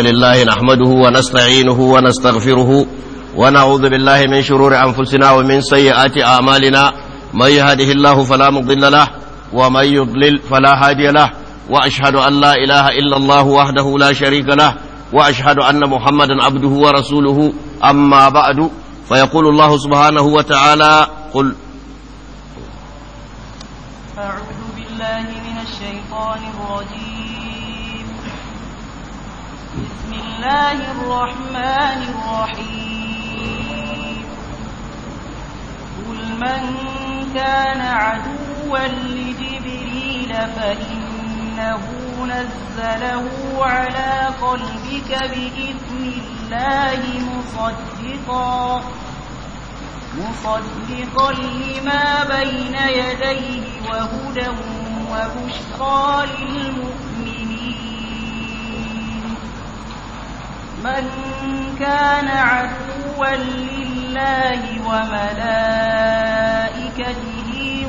لله نحمده ونستعينه ونستغفره ونعوذ بالله من شرور أنفسنا ومن سيئات أعمالنا من يهده الله فلا مضل له ومن يضلل فلا هادي له وأشهد أن لا إله إلا الله وحده لا شريك له وأشهد أن محمدا عبده ورسوله أما بعد فيقول الله سبحانه وتعالى قل أعوذ بالله من الشيطان الرجيم بسم الله الرحمن الرحيم قل من كان عدوا لجبريل فإنه نزله على قلبك بإذن الله مصدقا مصدقا لما بين يديه وهدى وبشرى للمؤمنين من كان عدوا لله وملائكته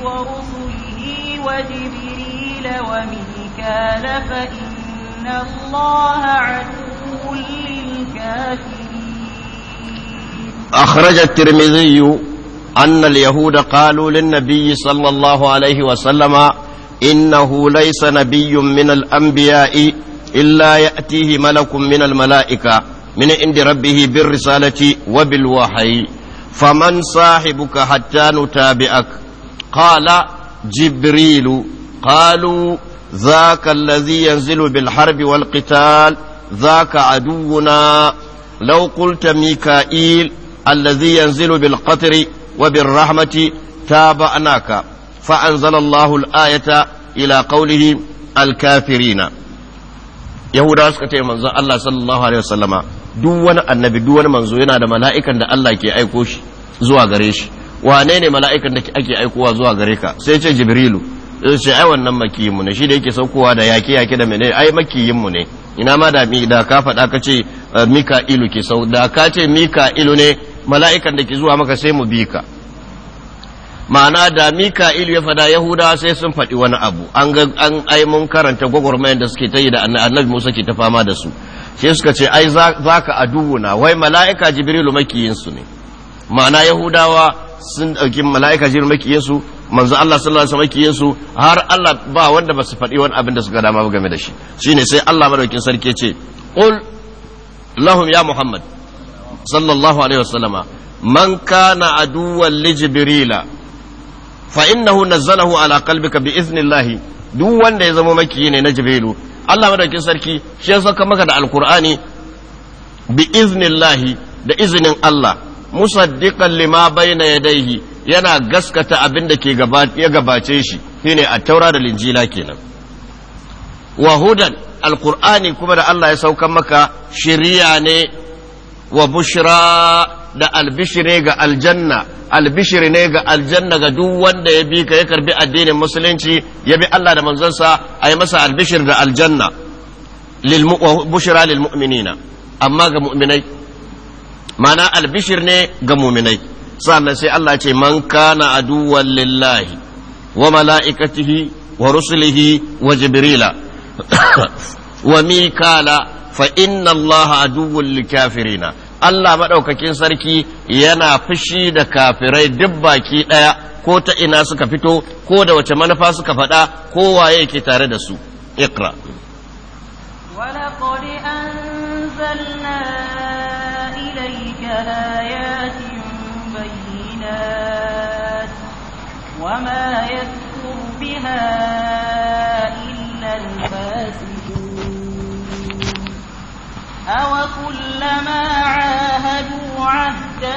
ورسله وجبريل وميكال فإن الله عدو للكافرين أخرج الترمذي أن اليهود قالوا للنبي صلى الله عليه وسلم إنه ليس نبي من الأنبياء إلا يأتيه ملك من الملائكة من عند ربه بالرسالة وبالوحي فمن صاحبك حتى نتابعك قال جبريل قالوا ذاك الذي ينزل بالحرب والقتال ذاك عدونا لو قلت ميكائيل الذي ينزل بالقطر وبالرحمة تابعناك فأنزل الله الآية إلى قوله الكافرين yahudawa suka ce manzon Allah sallallahu alaihi wasallama duk wani annabi duk wani manzo yana da mala'ikan da Allah ke aiko shi zuwa gare shi wane ne mala'ikan da ake aikowa zuwa gare ka sai ce jibrilu sai ce ai wannan makiyin mu ne shi da yake saukowa da yaki yaki da menene ai makiyin mu ne ina ma da mi da ka faɗa ka ce mika'ilu ke sau da ka ce mika'ilu ne mala'ikan da ke zuwa maka sai mu bi ka ma'ana da mika'il ya fada yahuda sai sun faɗi wani abu an ga an ai mun karanta gwagwarmayar da suke ta yi da annabi musa ke ta fama da su sai suka ce ai za ka aduwuna wai mala'ika jibrilu makiyinsu ne ma'ana yahudawa sun ɗauki mala'ika jibrilu makiyinsu manzo Allah sallallahu alaihi wasallam makiyinsu har Allah ba wanda ba su faɗi wani abin da suka dama game da shi shine sai Allah madaukin sarki ce qul lahum ya muhammad sallallahu alaihi wasallama man kana aduwwan li jibrila fa innahu nazzalahu ala qalbika bi duk wanda ya zama makiyi ne na jibrilu Allah madauki sarki shi ya saka maka da alkur'ani bi iznillahi da izinin Allah musaddiqan lima bayna yadayhi yana gaskata abin da ke ya gabace shi shine a taura da linjila kenan wa hudan alkur'ani kuma da Allah ya sauka maka shiriya ne wa bushra da albishire ga aljanna albishire ne ga aljanna ga duk wanda ya bi ka ya karbi addinin musulunci ya bi Allah da manzonsa a yi masa albishir da aljanna bushira lil mu'minina amma ga mu'minai mana albishir ne ga mu'minai sannan sai Allah ce man kana aduwwan lillahi wa mala'ikatihi wa rusulihi wa jibrila wa mikala fa inna allaha aduwwul likafirina Allah maɗaukakin sarki yana fushi da kafirai duk baki ɗaya ko ta ina suka fito ko da wace manufa suka faɗa ko waye yake tare da su ikra وما يكفر بها إلا الفاسقون أَوَكُلَّمَا عَاهَدُوا عَهْدًا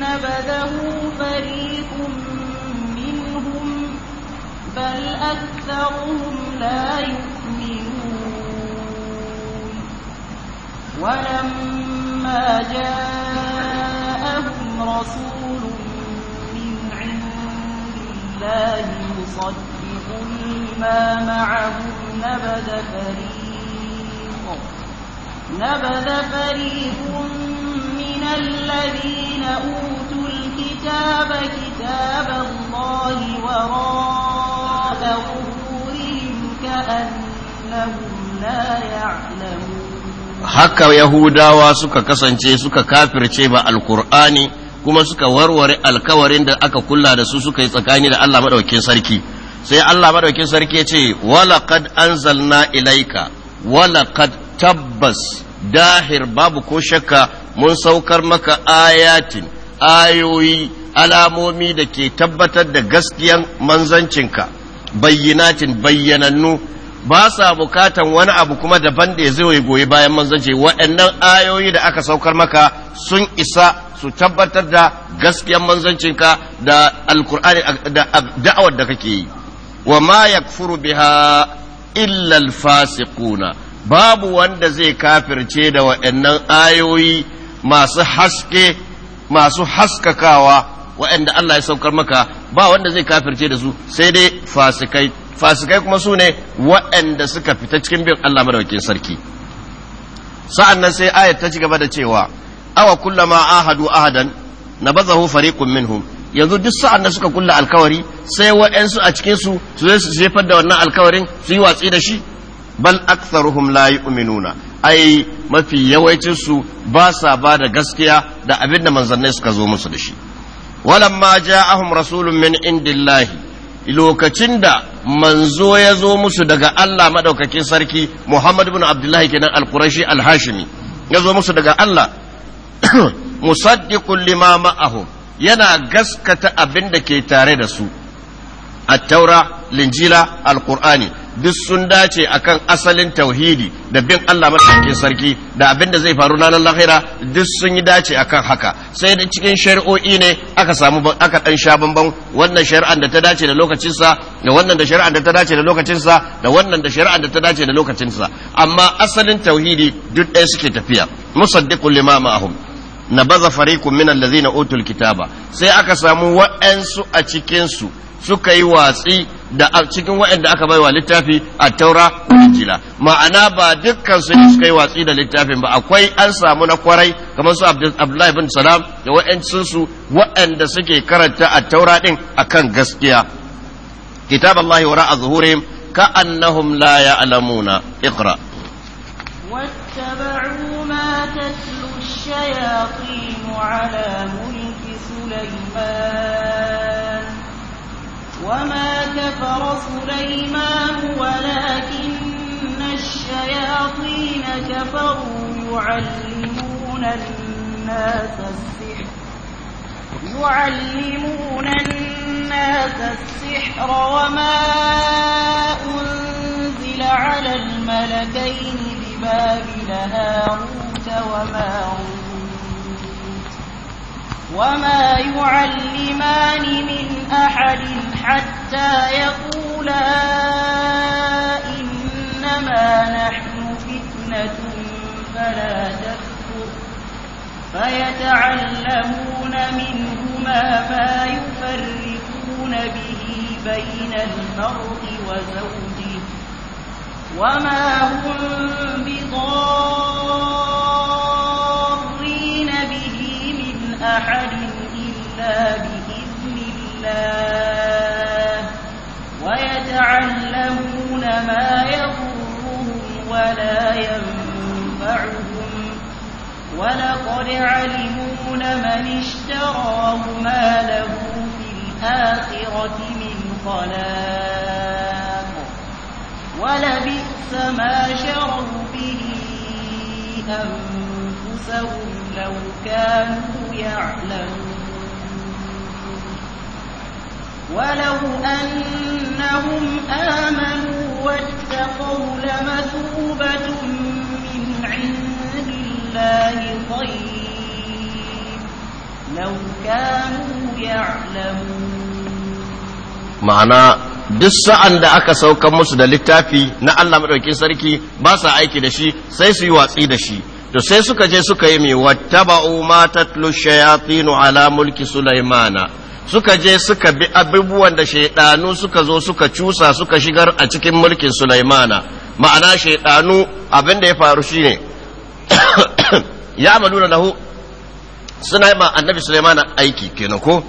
نَّبَذَهُ فَرِيقٌ مِّنْهُم بَلْ أَكْثَرُهُمْ لَا يُؤْمِنُونَ وَلَمَّا جَاءَهُمْ رَسُولٌ مِّنْ عِندِ اللَّهِ مُصَدِّقٌ لِّمَا مَعَهُمْ نَبَذَ فَرِيقٌ نبذ فريق من الذين أوتوا الكتاب كتاب الله وراء ظهورهم كأنهم لا يعلمون haka yahudawa suka kasance suka kafirce ba alkur'ani kuma suka warware alkawarin da aka kulla da su suka yi tsakani da Allah madaukakin sarki sai Allah madaukakin sarki ya ce walaqad anzalna ilaika walaqad tabbas dahir babu ko shakka mun saukar maka ayatin ayoyi alamomi da ke tabbatar da gaskiyan manzancinka bayyanatin bayyanannu ba sa bukatan wani abu kuma daban da ya zai goyi bayan manzanci waɗannan ayoyi da aka saukar maka sun isa su tabbatar da gaskiyan manzancinka da alkur'ani da da'awar da kake yi wa ma yakfuru biha illa alfasiquna babu wanda zai kafirce da waɗannan ayoyi masu haske masu haskakawa waɗanda Allah ya saukar maka ba wanda zai kafirce da su sai dai fasikai fasikai kuma su ne waɗanda suka fita cikin bin Allah madaukakin sarki sa'an nan sai ayat ta ci gaba da cewa awa kullama ahadu ahadan nabazahu fariqun minhum yanzu duk sa'an da suka kulla alkawari sai waɗansu a cikinsu su su zai su jefar da wannan alkawarin su yi watsi da shi bal aktharuhum la yu'minuna ai mafi yawancin su ba sa ba da gaskiya da abin da manzannai suka zo musu da shi walamma ja'ahum rasulun min indillahi lokacin da manzo ya zo musu daga Allah madaukakin sarki Muhammad ibn Abdullahi kenan al-Qurashi al-Hashimi ya zo musu daga Allah musaddiqun lima ma'ahum yana gaskata abin da ke tare da su at-taura linjila al-qur'ani duk sun dace akan asalin tauhidi da bin Allah madaukakin sarki da abin da zai faru ranar lahira duk sun yi dace akan haka sai da cikin shari'o'i ne aka samu aka dan sha bamban wannan shari'an da ta dace da lokacinsa da wannan da shari'an da ta dace da lokacinsa da wannan da shari'an da ta dace da lokacinsa amma asalin tauhidi duk ɗaya suke tafiya musaddiqul limama na nabaza fariqun min allazina utul kitaba sai aka samu wa'ansu a cikin su suka yi watsi da cikin waɗanda aka baiwa littafi a taura injila ma'ana ba dukkan su ne suka yi watsi da littafin ba akwai an samu na kwarai kamar su abdullahi bin salam da waɗansu su waɗanda suke karanta a taura ɗin akan gaskiya kitab Allah wara a zuhurim ka annahum la ya'lamuna iqra واتبعوا ما تتلو الشياطين على ملك سليمان وما كفر سليمان ولكن الشياطين كفروا يعلمون الناس السحر يعلمون الناس السحر وما أنزل على الملكين ببابل هاروت وماروت وما يعلمان من أحد حتى يقولا إنما نحن فتنة فلا تكفر فيتعلمون منهما ما يفرقون به بين المرء وزوجه وما هم بضار يهتدى بإذن الله ويتعلمون ما يضرهم ولا ينفعهم ولقد علمون من اشتراه ما له في الآخرة من خلاق ولبئس ما شروا به أنفسهم لو كانوا يعلمون ولو أنهم آمنوا واتقوا لمثوبة من عند الله خير لو كانوا يعلمون معنى duk sa'an da aka saukan musu da littafi na Allah maɗaukin sarki ba sa aiki da shi sai su yi watsi da shi to sai suka je suka yi mai wattaba'u ma tatlu shayafinu ala mulki sulaimana suka je suka bi abubuwan da shaidanu suka zo suka cusa suka shigar a cikin mulkin Sulaimana ma'ana shaidanu abin da ya faru shine ya amaluna lahu suna yi ma annabi Sulaimana aiki kenan ko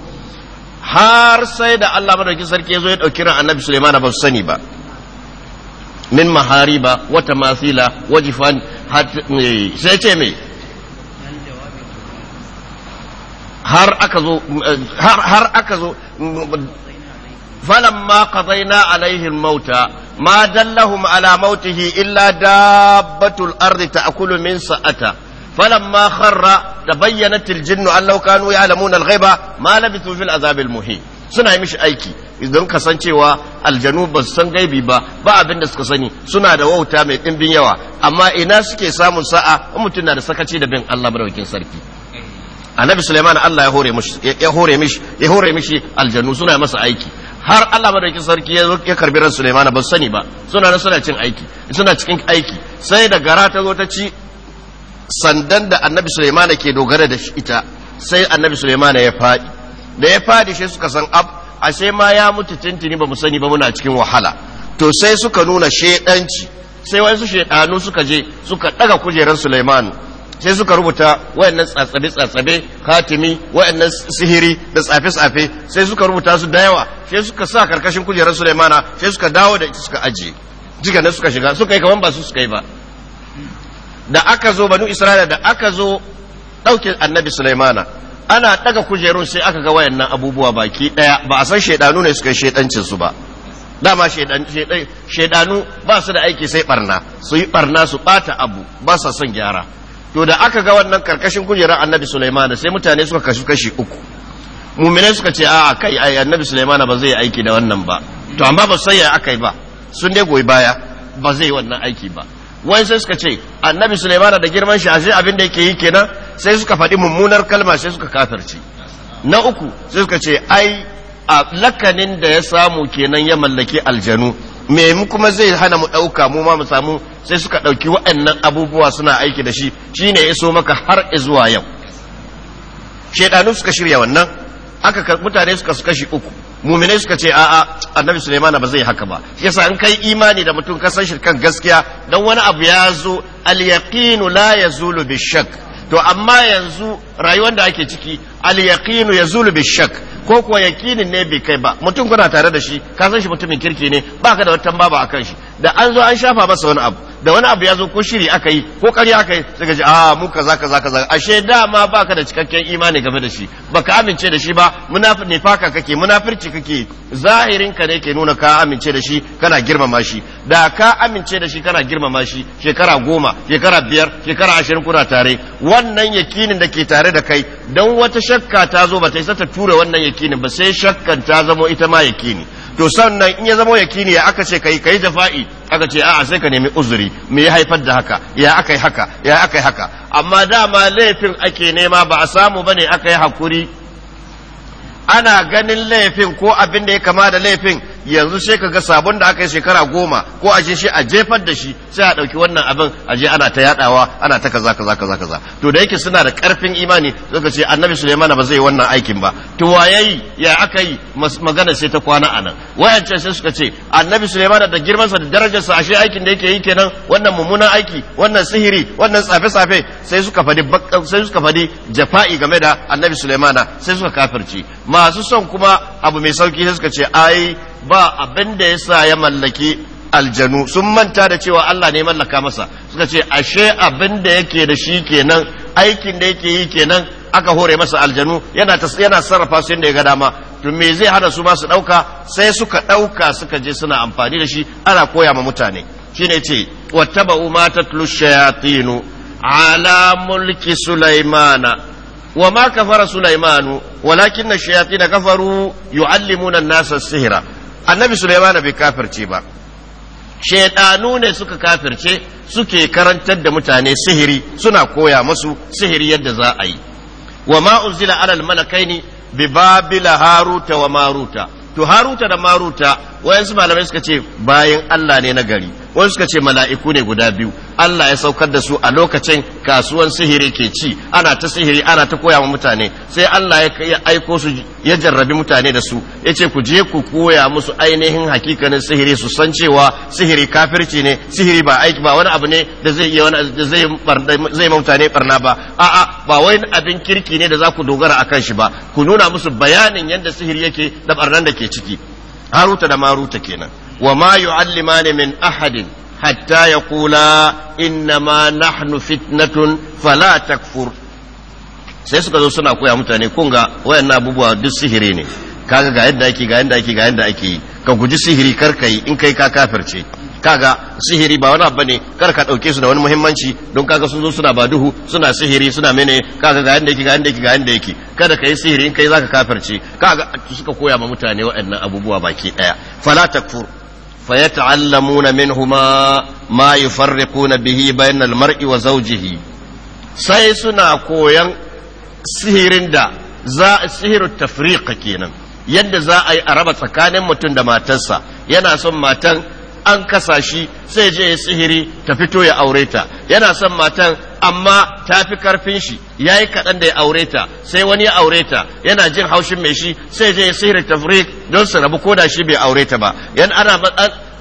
har sai da Allah madauki sarki ya zo ya dauki ran annabi Sulaimana ba su sani ba min mahariba wata masila wajifan eh, sai ce me har aka zo har aka zo فلما قضينا عليه الموت ما دلهم على موته إلا دابة الأرض تأكل من سأته فلما خر تبينت الجن أن لو كانوا يعلمون الغيبة ما لبثوا في العذاب المهين suna yi mishi aiki idan kasancewa aljanu ba su san gaibi ba abin da suka sani suna da wauta mai ɗimbin yawa amma ina suke samun sa'a mutum na da sakaci da bin Allah madaukakin sarki annabi suleiman Allah ya hore mishi ya hore mishi ya hore mishi aljannu suna masa aiki har Allah madaukakin sarki ya ya karbi ran suleiman ba sani ba suna nan suna cin aiki suna cikin aiki sai da gara ta zo ta ci sandan da annabi Sulaiman ke dogara da ita sai annabi Sulaiman ya fadi da ya fadi sai suka san ab a sai ma ya mutu tintini ba mu sani ba muna cikin wahala to sai suka nuna shedanci sai wasu shedanu suka je suka daga kujerar Sulaiman sai suka rubuta wayannan tsatsabe-tsatsabe khatimi wayannan sihiri da tsafe-tsafe sai suka rubuta su da yawa sai suka sa karkashin kujerar sulaimana sai suka dawo da ita suka aje jika ne suka shiga suka yi kaman ba su suka yi ba da aka zo banu isra'ila da aka zo ɗauke annabi sulaimana ana daga kujerun sai aka ga wayannan abubuwa baki daya ba a san shaidanu ne suka shedancin su ba dama shedanu ba su da aiki sai barna su yi barna su bata abu ba sa son gyara to da aka ga wannan karkashin kujerar annabi suleiman sai mutane suka kashi kashi uku muminai suka ce a kai ai annabi Sulaiman ba zai aiki da wannan ba to amma ba sai ya akai ba sun dai goyi baya ba zai wannan aiki ba wai sai suka ce annabi Sulaiman da girman shi ashe abin da yake yi kenan sai suka faɗi mummunar kalma sai suka kafirce na uku sai suka ce ai a lakanin da ya samu kenan ya mallaki aljanu me mu kuma zai hana mu ɗauka mu ma mu samu sai suka ɗauki waɗannan abubuwa suna aiki da shi shine ya so maka har zuwa yau shaidanu suka shirya wannan aka mutane suka suka kashi uku muminai suka ce a'a annabi suleimana ba zai haka ba yasa in kai imani da mutum ka kan gaskiya dan wani abu ya zo al yaqinu la yazulu shakk to amma yanzu rayuwar da ake ciki al ya zulu bi shak ko kuwa yaqinin ne bai kai ba mutum kuna tare da shi ka san shi mutumin kirki ne baka da wata baba akan shi da an zo an shafa masa wani abu da wani abu ya zo ko shiri aka yi ko karya aka yi ka ji ah mu kaza kaza kaza ashe dama baka da cikakken imani game da shi baka amince da shi ba munafir ne faka kake munafirci kake zahirin ka ne ke nuna ka amince da shi kana girmama shi da ka amince da shi kana girmama shi shekara goma shekara biyar shekara ashirin kuna tare wannan yakinin da ke tare da kai don wata shakka ta zo ba ta isa ta tura wannan yakini ba sai shakkan ta zamo ita ma yakini to sannan in ya zamo yakini ya aka ce kai kai jafa'i aka ce a'a sai ka nemi uzuri me ya haifar da haka ya aka yi haka ya aka yi haka amma dama laifin ake nema ba a samu bane aka yi hakuri ana ganin laifin ko abin da ya kama da laifin yanzu sai ka ga sabon da aka yi shekara goma ko a shi a jefar da shi sai a ɗauki wannan abin a je ana ta yadawa ana ta kaza kaza kaza kaza to da yake suna da ƙarfin imani suka ce annabi Sulaiman ba zai wannan aikin ba to wayayi ya aka yi magana sai ta kwana anan wayancan sai suka ce annabi Sulaiman da girman sa da darajar darajarsa ashe aikin da yake yi kenan wannan mummunan aiki wannan sihiri wannan tsafe tsafe sai suka fadi sai suka fadi jafa'i game da annabi Sulaiman sai suka kafirci masu son kuma abu mai sauki sai suka ce ai ba abin da sa ya mallaki aljanu sun manta da cewa Allah ne mallaka masa suka ce ashe abin da yake da shi kenan aikin da yake yi kenan aka hore masa aljanu yana yana sarrafa su yadda ya ga dama to me zai hada su ma su dauka sai suka dauka suka je suna amfani da shi ana koya ma mutane shine ce wattaba'u ma tatlu shayatinu ala mulki sulaimana وما sulaimanu walakin ولكن الشياطين كفروا يعلمون nasa sihra annabi Sulaiman bai kafirce ba shaidanu ne suka kafirce suke karantar da mutane sihiri suna koya musu sihiri yadda za a yi wa ma unzila alal malakaini bi babila haruta wa maruta to haruta da maruta wayansu malamai suka ce bayan Allah ne na gari wayansu suka ce mala'iku ne guda biyu Allah ya saukar da su a lokacin kasuwan sihiri ke ci ana ta sihiri ana ta koya wa mutane sai Allah ya aiko su ya jarrabi mutane da su ya ce ku je ku koya musu ainihin hakikanin sihiri su san cewa sihiri kafirci ne sihiri ba aiki ba wani abu ne da zai iya wani da zai zai mutane barna ba a'a ba wai abin kirki ne da za ku dogara akan shi ba ku nuna musu bayanin yadda sihiri yake da barnan da ke ciki haruta da maruta kenan wa ma yu'allimani min ahadin hatta ya kula innama nahnu fitnatun fala takfur sai suka zo suna koya mutane kun ga wayan abubuwa duk sihiri ne kaga ga yadda ake ga yadda ake ga yadda ake ka guji sihiri kar ka yi in kai ka kafirce kaga sihiri ba wani abu ne kar ka dauke su da wani muhimmanci don kaga sun suna ba duhu suna sihiri suna mene kaga ga yanda yake ga yanda yake ga yanda yake kada ka yi sihiri in kai zaka kafirce kaga kika koya ma mutane waɗannan abubuwa baki daya fala takfur فيتعلمون منهما ما يفرقون به بين المرء وزوجه sai suna koyan sihirin da za a sihirin tafriqa kenan yadda za a yi a raba tsakanin mutum da matarsa yana son matan an kasa shi sai je ya sihiri ta fito ya aure ta yana son matan amma ta fi karfin shi ya yi kaɗan da ya aure ta sai wani ya aure ta yana jin haushin mai shi sai je sihir tafrik don su rabu ko da shi bai aure ta ba yan ana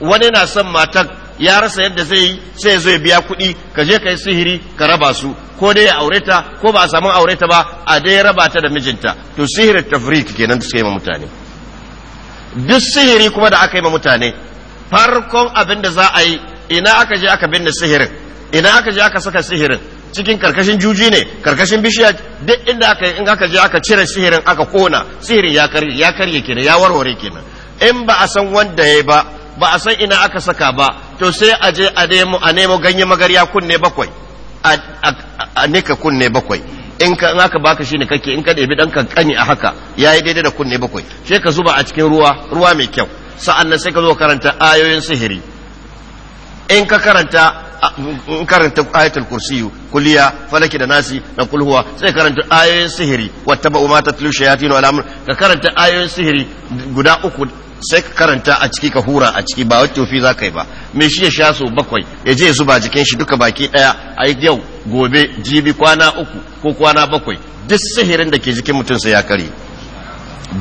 wani na son matan ya rasa yadda zai yi sai zai biya kuɗi ka je ka yi sihiri ka raba su ko dai ya aure ta ko ba a samu aure ta ba a dai raba ta da mijinta to sihir tafrik kenan da suka yi ma mutane duk sihiri kuma da aka yi ma mutane farkon abin da za a yi ina aka je aka binne sihirin ina aka je aka saka sihirin cikin karkashin juji ne karkashin bishiya duk inda aka in aka je aka cire sihirin aka kona sihirin ya karye ya karye kenan ya warware kenan in ba a san wanda yayi ba ba a san ina aka saka ba to sai a je a nemo a nemo ganye magarya kunne bakwai a nika kunne bakwai in ka in aka baka shine kake in ka debi dan kani a haka yayi daidai da kunne bakwai sai ka zuba a cikin ruwa ruwa mai kyau sa'annan sai ka zo karanta ayoyin sihiri in ka karanta in karanta ayatul kursi. Kulliya falaki da nasi na kulhuwa sai karanta ayoyin sihiri wattaba ma tulu shayatin wa amr ka karanta ayoyin sihiri guda uku sai ka karanta a ciki ka hura a ciki ba wacce fi za ka yi ba me shi ya sha so bakwai ya je zuba jikin shi duka baki daya a yau gobe jibi kwana uku ko kwana bakwai duk sihirin da ke jikin mutum sai ya kare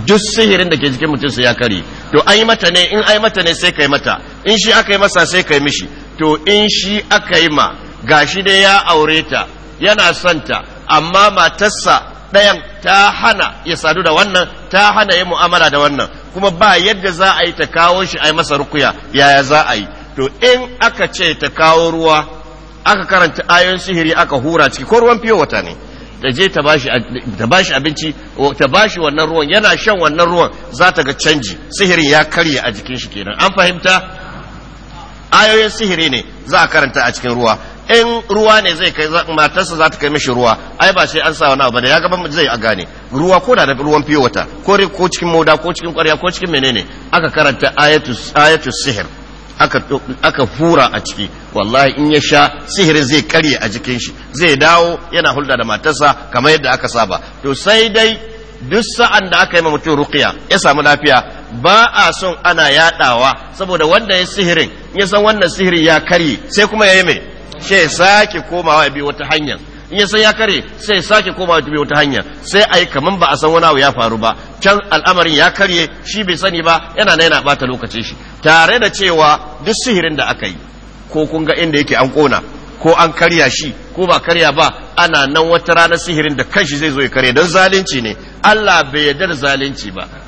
duk sihirin da ke jikin mutum sai ya kare to yi mata ne in ai mata ne sai kai mata in shi aka yi masa sai kai mishi to in shi aka yi ma gashi dai ya aure ta yana santa amma matarsa ɗayan ta hana ya sadu da wannan ta hana ya mu'amala da wannan kuma ba yadda za a yi ta kawo shi a yi masa rukuya yaya za a yi to in aka ce ta kawo ruwa aka karanta ayon sihiri aka hura ciki ko ruwan fiye wata ne ta je ta bashi abinci ta bashi wannan ruwan yana shan wannan ruwan za ta ga canji sihirin ya karya a jikin shi kenan an fahimta ayoyin sihiri ne za a karanta a cikin ruwa in ruwa ne zai kai matarsa za ta kai mishi ruwa ai ba sai an sa wani abu da ya gaba zai a gane ruwa ko da ruwan fiye wata ko cikin moda ko cikin kwarya ko cikin menene aka karanta ayatu sihir aka fura a ciki wallahi in ya sha sihiri zai karye a jikin shi zai dawo yana hulɗa da matarsa kamar yadda aka saba to sai dai duk sa'an da aka yi ma mutum ruqiya ya samu lafiya ba a son ana yadawa saboda wanda ya sihirin ya san wannan sihirin ya karye sai kuma ya yi mai sai ya sake komawa ya bi wata hanyar in ya san ya kare sai ya sake komawa ya bi wata hanya sai a yi kaman ba a san wani abu ya faru ba can al'amarin ya karye shi bai sani ba yana na yana bata lokacin shi tare da cewa duk sihirin da aka yi ko kun ga inda yake an kona ko an karya shi ko ba karya ba ana nan wata ranar sihirin da kanshi zai zo ya karya don zalunci ne Allah bai yarda da zalunci ba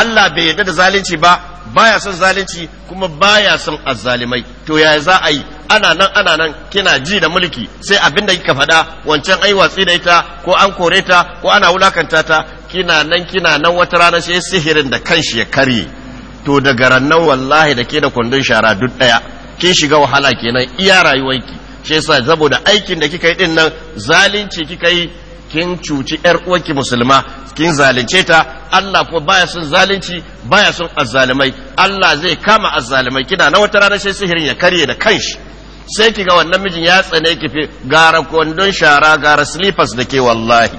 Allah bai yarda da zalunci ba baya son zalunci kuma baya son azzalimai to ya za a yi ana nan ana nan kina ji da mulki sai abin da kika faɗa wancan ai watsi da ita ko an kore ta ko ana wulakanta ta kina nan kina nan wata rana sai sihirin da kanshi ya karye to daga rannan wallahi da ke da kundin shara duk ɗaya kin shiga wahala kenan iya rayuwarki sai yasa saboda aikin da kika yi din nan zalunci kika yi kin cuci yar uwarki musulma kin zalunce ta Allah ko baya son zalunci baya son azzalumai Allah zai kama azzalumai kina na wata rana sai sihirin ya karye da kanshi sai kiga wannan mijin ya tsane ki fi gara kondon shara gara slippers da ke wallahi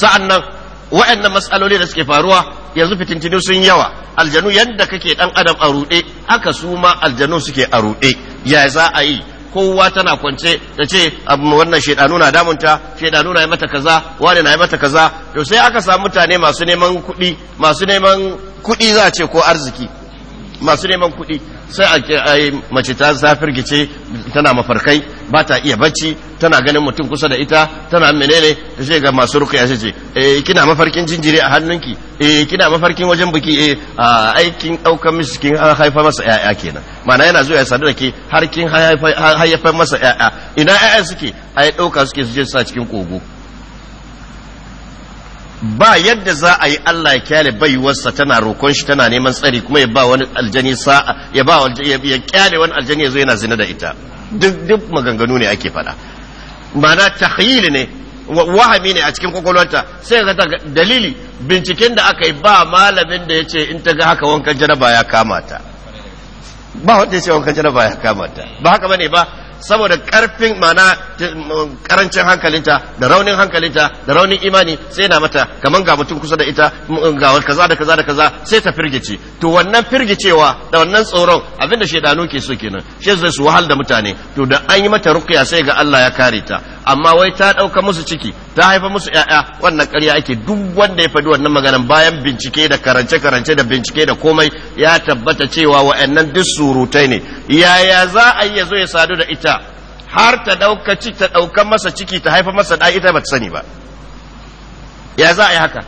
sa'annan wa'annan masaloli da suke faruwa yanzu fitintinu sun yawa aljanu yadda kake dan adam a ruɗe haka su ma aljanu suke a ruɗe ya za a yi kowa tana kwance da ce abu wannan shedanu na damunta shedanu na yi mata kaza wani na yi mata kaza to sai aka samu mutane masu neman kuɗi masu neman kuɗi za a ce ko arziki masu neman kuɗi sai a mace ta zafir gice tana mafarkai ba ta iya bacci tana ganin mutum kusa da ita tana menene ta ce ga masu ya ce eh kina mafarkin jinjiri a hannunki eh kina mafarkin wajen biki eh aikin ɗaukar mishi kin haifa masa ƴaƴa kenan mana yana zuwa ya sadu da ke har kin haifa masa ƴaƴa ina ƴaƴa suke ai ɗauka suke su su sa cikin kogo ba yadda za a yi Allah ya kyale wasa tana roƙon shi tana neman tsari kuma ya ba wani aljani sa'a ya ba ya kyale wani aljani ya zo yana zina da ita duk duk maganganu ne ake faɗa ma'ana tahyili ne wahami ne a cikin kwakwalwarta sai ga ta dalili binciken da aka yi ba malamin da ya ce in ta ga haka wankan jaraba ya kamata. ba wanda ya wankan jaraba ya kamata ba haka bane ba saboda karfin mana karancin hankalinta da raunin hankalinta da raunin imani sai na mata kaman ga mutum kusa da ita ga kaza da kaza da kaza sai ta firgice to wannan firgicewa da wannan tsoron da shaidanu ke so kenan shi zai su wahal da mutane to da an yi mata ruqya sai ga Allah ya kare ta amma wai ta dauka musu ciki ta haifa musu ‘ya'ya wannan ƙarya ake duk wanda ya faɗi wannan maganan bayan bincike da karance-karance da bincike da komai ya tabbata cewa wa'annan duk surutai ne yaya za a yi ya zo ya sadu da ita har ta ɗauka ci ta ɗauka masa ciki ta haifa masa ɗa ita ba ta sani ba ya za a yi haka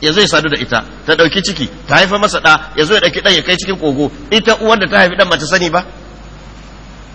ya zo ya sadu da ita ta ɗauki ciki ta haifa masa ɗa ya zo ya ɗauki ɗan ya kai cikin kogo ita uwar da ta haifi ɗan ba ta sani ba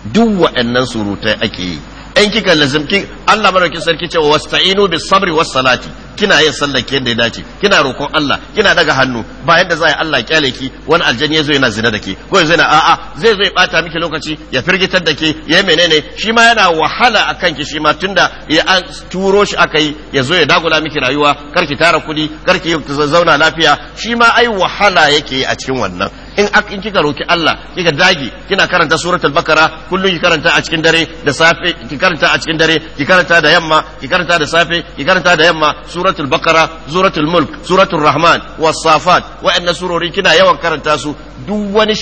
duk wa'annan surutai ake yi in kika lazimki Allah maraukin sarki ce cewa wasta'inu bis sabri was salati kina yin sallar ki yadda ya dace kina roƙon Allah kina daga hannu ba yadda za Allah kyale ki wani aljani yazo yana zina da ke ko yazo yana a'a zai zo ya bata miki lokaci ya firgitar da ke ya menene shi ma yana wahala akan ki shi ma tunda ya an turo shi aka yi ya zo ya dagula miki rayuwa kar ki tara kuɗi kar ki zauna lafiya shi ma ai wahala yake a cikin wannan in in kika roki Allah kika dage kina karanta suratul bakara kullum ki karanta a cikin dare da safe ki karanta a cikin dare ki karanta da yamma ki karanta da safe ki karanta da yamma suratul bakara suratul mulk suratul rahman was safat wa'anna surori kina yawan karanta su duk wani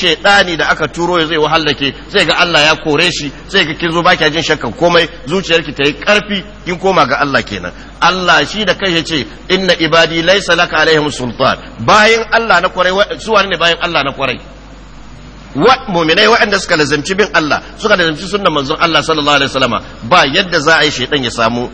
ni da aka turo ya zai wahallake sai ga Allah ya kore shi sai ga kin zo baki jin shakkan komai zuciyarki ta yi karfi kin koma ga Allah kenan Allah shi da kai ya ce inna ibadi laysa laka alaihim sultan bayan Allah na kwarai su ne bayan Allah na kwarai wa mu'minai waɗanda suka lazimci bin Allah suka lazimci sunnan manzon Allah sallallahu alaihi wasallama ba yadda za a yi shaidan ya samu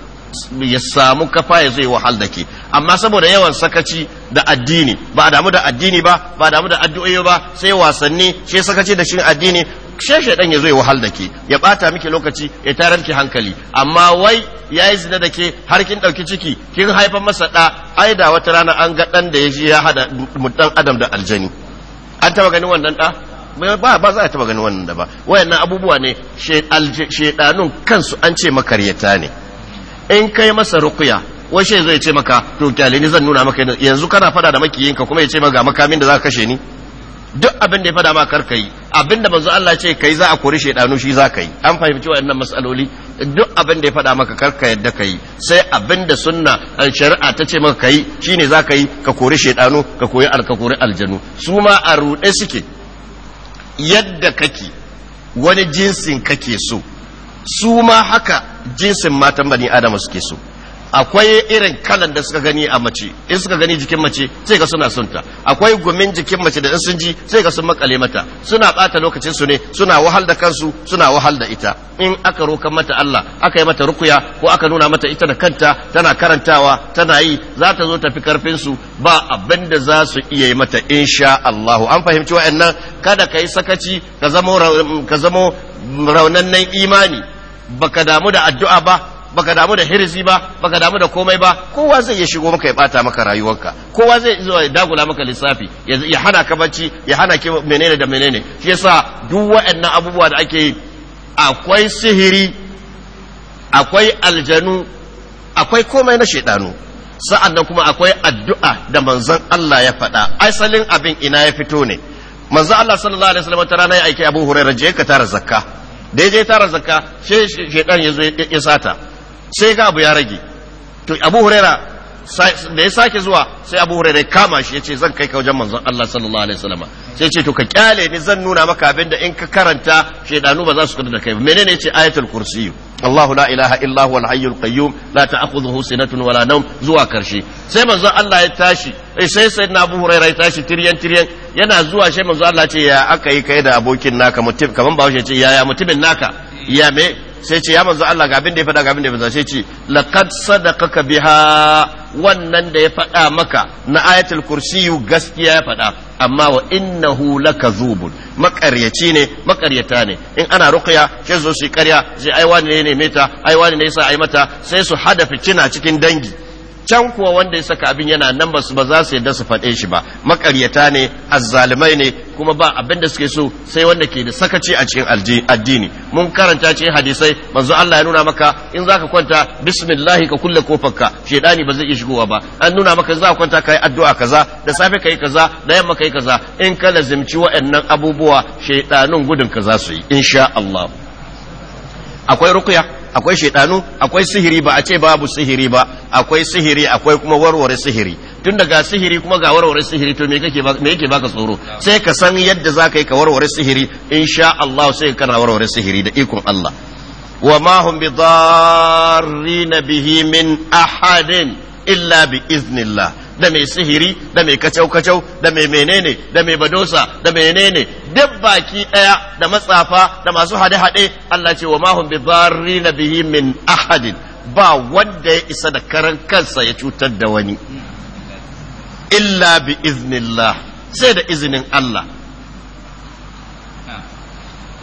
ya samu kafa ya zai wahal da ke amma saboda yawan sakaci da addini ba a damu da addini ba ba a damu da addu'o'i ba sai wasanni sai sakaci da shin addini sai shaidan ya zo ya wahal da ke ya bata miki lokaci ya tarar ki hankali amma wai ya yi zina da ke har kin ɗauki ciki kin haifa masa ɗa aida wata rana an ga ɗan da ya ji ya hada mutan adam da aljani an taba ganin wannan ɗa ba ba za a taba ganin wannan da ba wayannan abubuwa ne shedanun kansu an ce makaryata ne in kai masa ruqya wa zai ce maka to kyale ni zan nuna maka yanzu kana fada da makiyinka kuma ya ce maka makamin da za kashe ni duk abin da ya fada ma kar kai abin da manzo Allah ce kai za a kori shedanu shi za ka yi an fahimci wayannan masaloli duk abin da ya faɗa maka karka yadda ka yi sai abin da sunna an shari'a ta ce maka ka yi shi ne za ka yi ka kori shaidanu ka koyi alkakori aljanu su ma a ruɗe suke yadda kake wani jinsin kake so su ma haka jinsin matan bani adama suke so akwai irin kalan da suka gani a mace in suka gani jikin mace sai ga suna sunta akwai gumin jikin mace da in sun ji sai ga sun makale mata suna bata lokacin su ne suna wahal da kansu suna wahal da ita in aka roka mata Allah aka yi mata rukuya ko aka nuna mata ita da kanta tana karantawa tana yi za ta zo tafi fi karfin su ba abinda da za su iya yi mata insha Allah an fahimci wa'annan kada ka yi sakaci ka zamo ka zamo raunannen imani baka damu da addu'a ba baka damu da hirzi ba baka damu da komai ba kowa zai iya shigo maka ya bata maka rayuwarka kowa zai zo ya dagula maka lissafi ya hana ka bacci ya hana ki menene da menene shi yasa duk waɗannan abubuwa da ake yi akwai sihiri akwai aljanu akwai komai na shaidanu sa'an nan kuma akwai addu'a da manzon Allah ya faɗa asalin abin ina ya fito ne manzon Allah sallallahu alaihi wasallam ta rana aiki Abu Hurairah je ka tara zakka da ya je tara zakka sai shaidan ya zo ya sata sai ga abu ya rage to abu huraira da ya sake zuwa sai abu huraira ya kama shi ya ce zan kai ka wajen manzon Allah sallallahu alaihi wasallam sai ce to ka kyale ni zan nuna maka abin da in ka karanta shedanu ba za su kudu da kai menene yace ayatul kursi Allahu la ilaha illa huwal hayyul qayyum la ta'khudhuhu sinatun wala nawm zuwa karshe sai manzon Allah ya tashi eh, sai sai na Abu Hurairah ya tashi tiryan tiryan yana zuwa sai manzon Allah ce ya aka yi kai da abokin naka mutum kaman ba ya ce yaya mutumin naka ya me sai ce ya manzo Allah ga abin da ya faɗa ga abin da ya faɗa sai ce laqad sadaqaka biha wannan da ya faɗa maka na ayatul kursiyu gaskiya ya faɗa amma wa innahu lakazubun makaryaci ne makaryata ne in ana ruqya sai zo su karya sai ai wani ne ne meta ai wani ne yasa ai mata sai su hada fitina cikin dangi can kuwa wanda ya saka abin yana nan ba ba za su yadda su faɗe shi ba makaryata ne azzalumai ne kuma ba abin da suke so sai wanda ke da sakaci a cikin addini mun karanta cikin hadisai manzo Allah ya nuna maka in zaka kwanta bismillah ka kulle kofarka shedani ba zai iya shigowa ba an nuna maka za zaka kwanta kai addu'a kaza da safe kai kaza da yamma kai kaza in ka lazimci wa'annan abubuwa shedanin gudun kaza su yi insha Allah akwai rukuya? akwai shaidanu akwai sihiri ba a ce babu sihiri ba akwai sihiri akwai kuma warware sihiri tun daga sihiri kuma ga warware sihiri to me yake baka tsoro sai ka san yadda za ka yi ka warware sihiri insha Allah sai kana warware sihiri da ikon Allah wa ma hum dharrin bihi min ahadin illa bi iznillah da mai sihiri da mai kacau-kacau da mai menene da mai badosa da menene duk baki ɗaya da matsafa da masu hade-hade Allah ce wa mahun bi na bihi min ahadin ba wanda ya isa da karan kansa ya cutar da wani illa bi iznillah sai da izinin Allah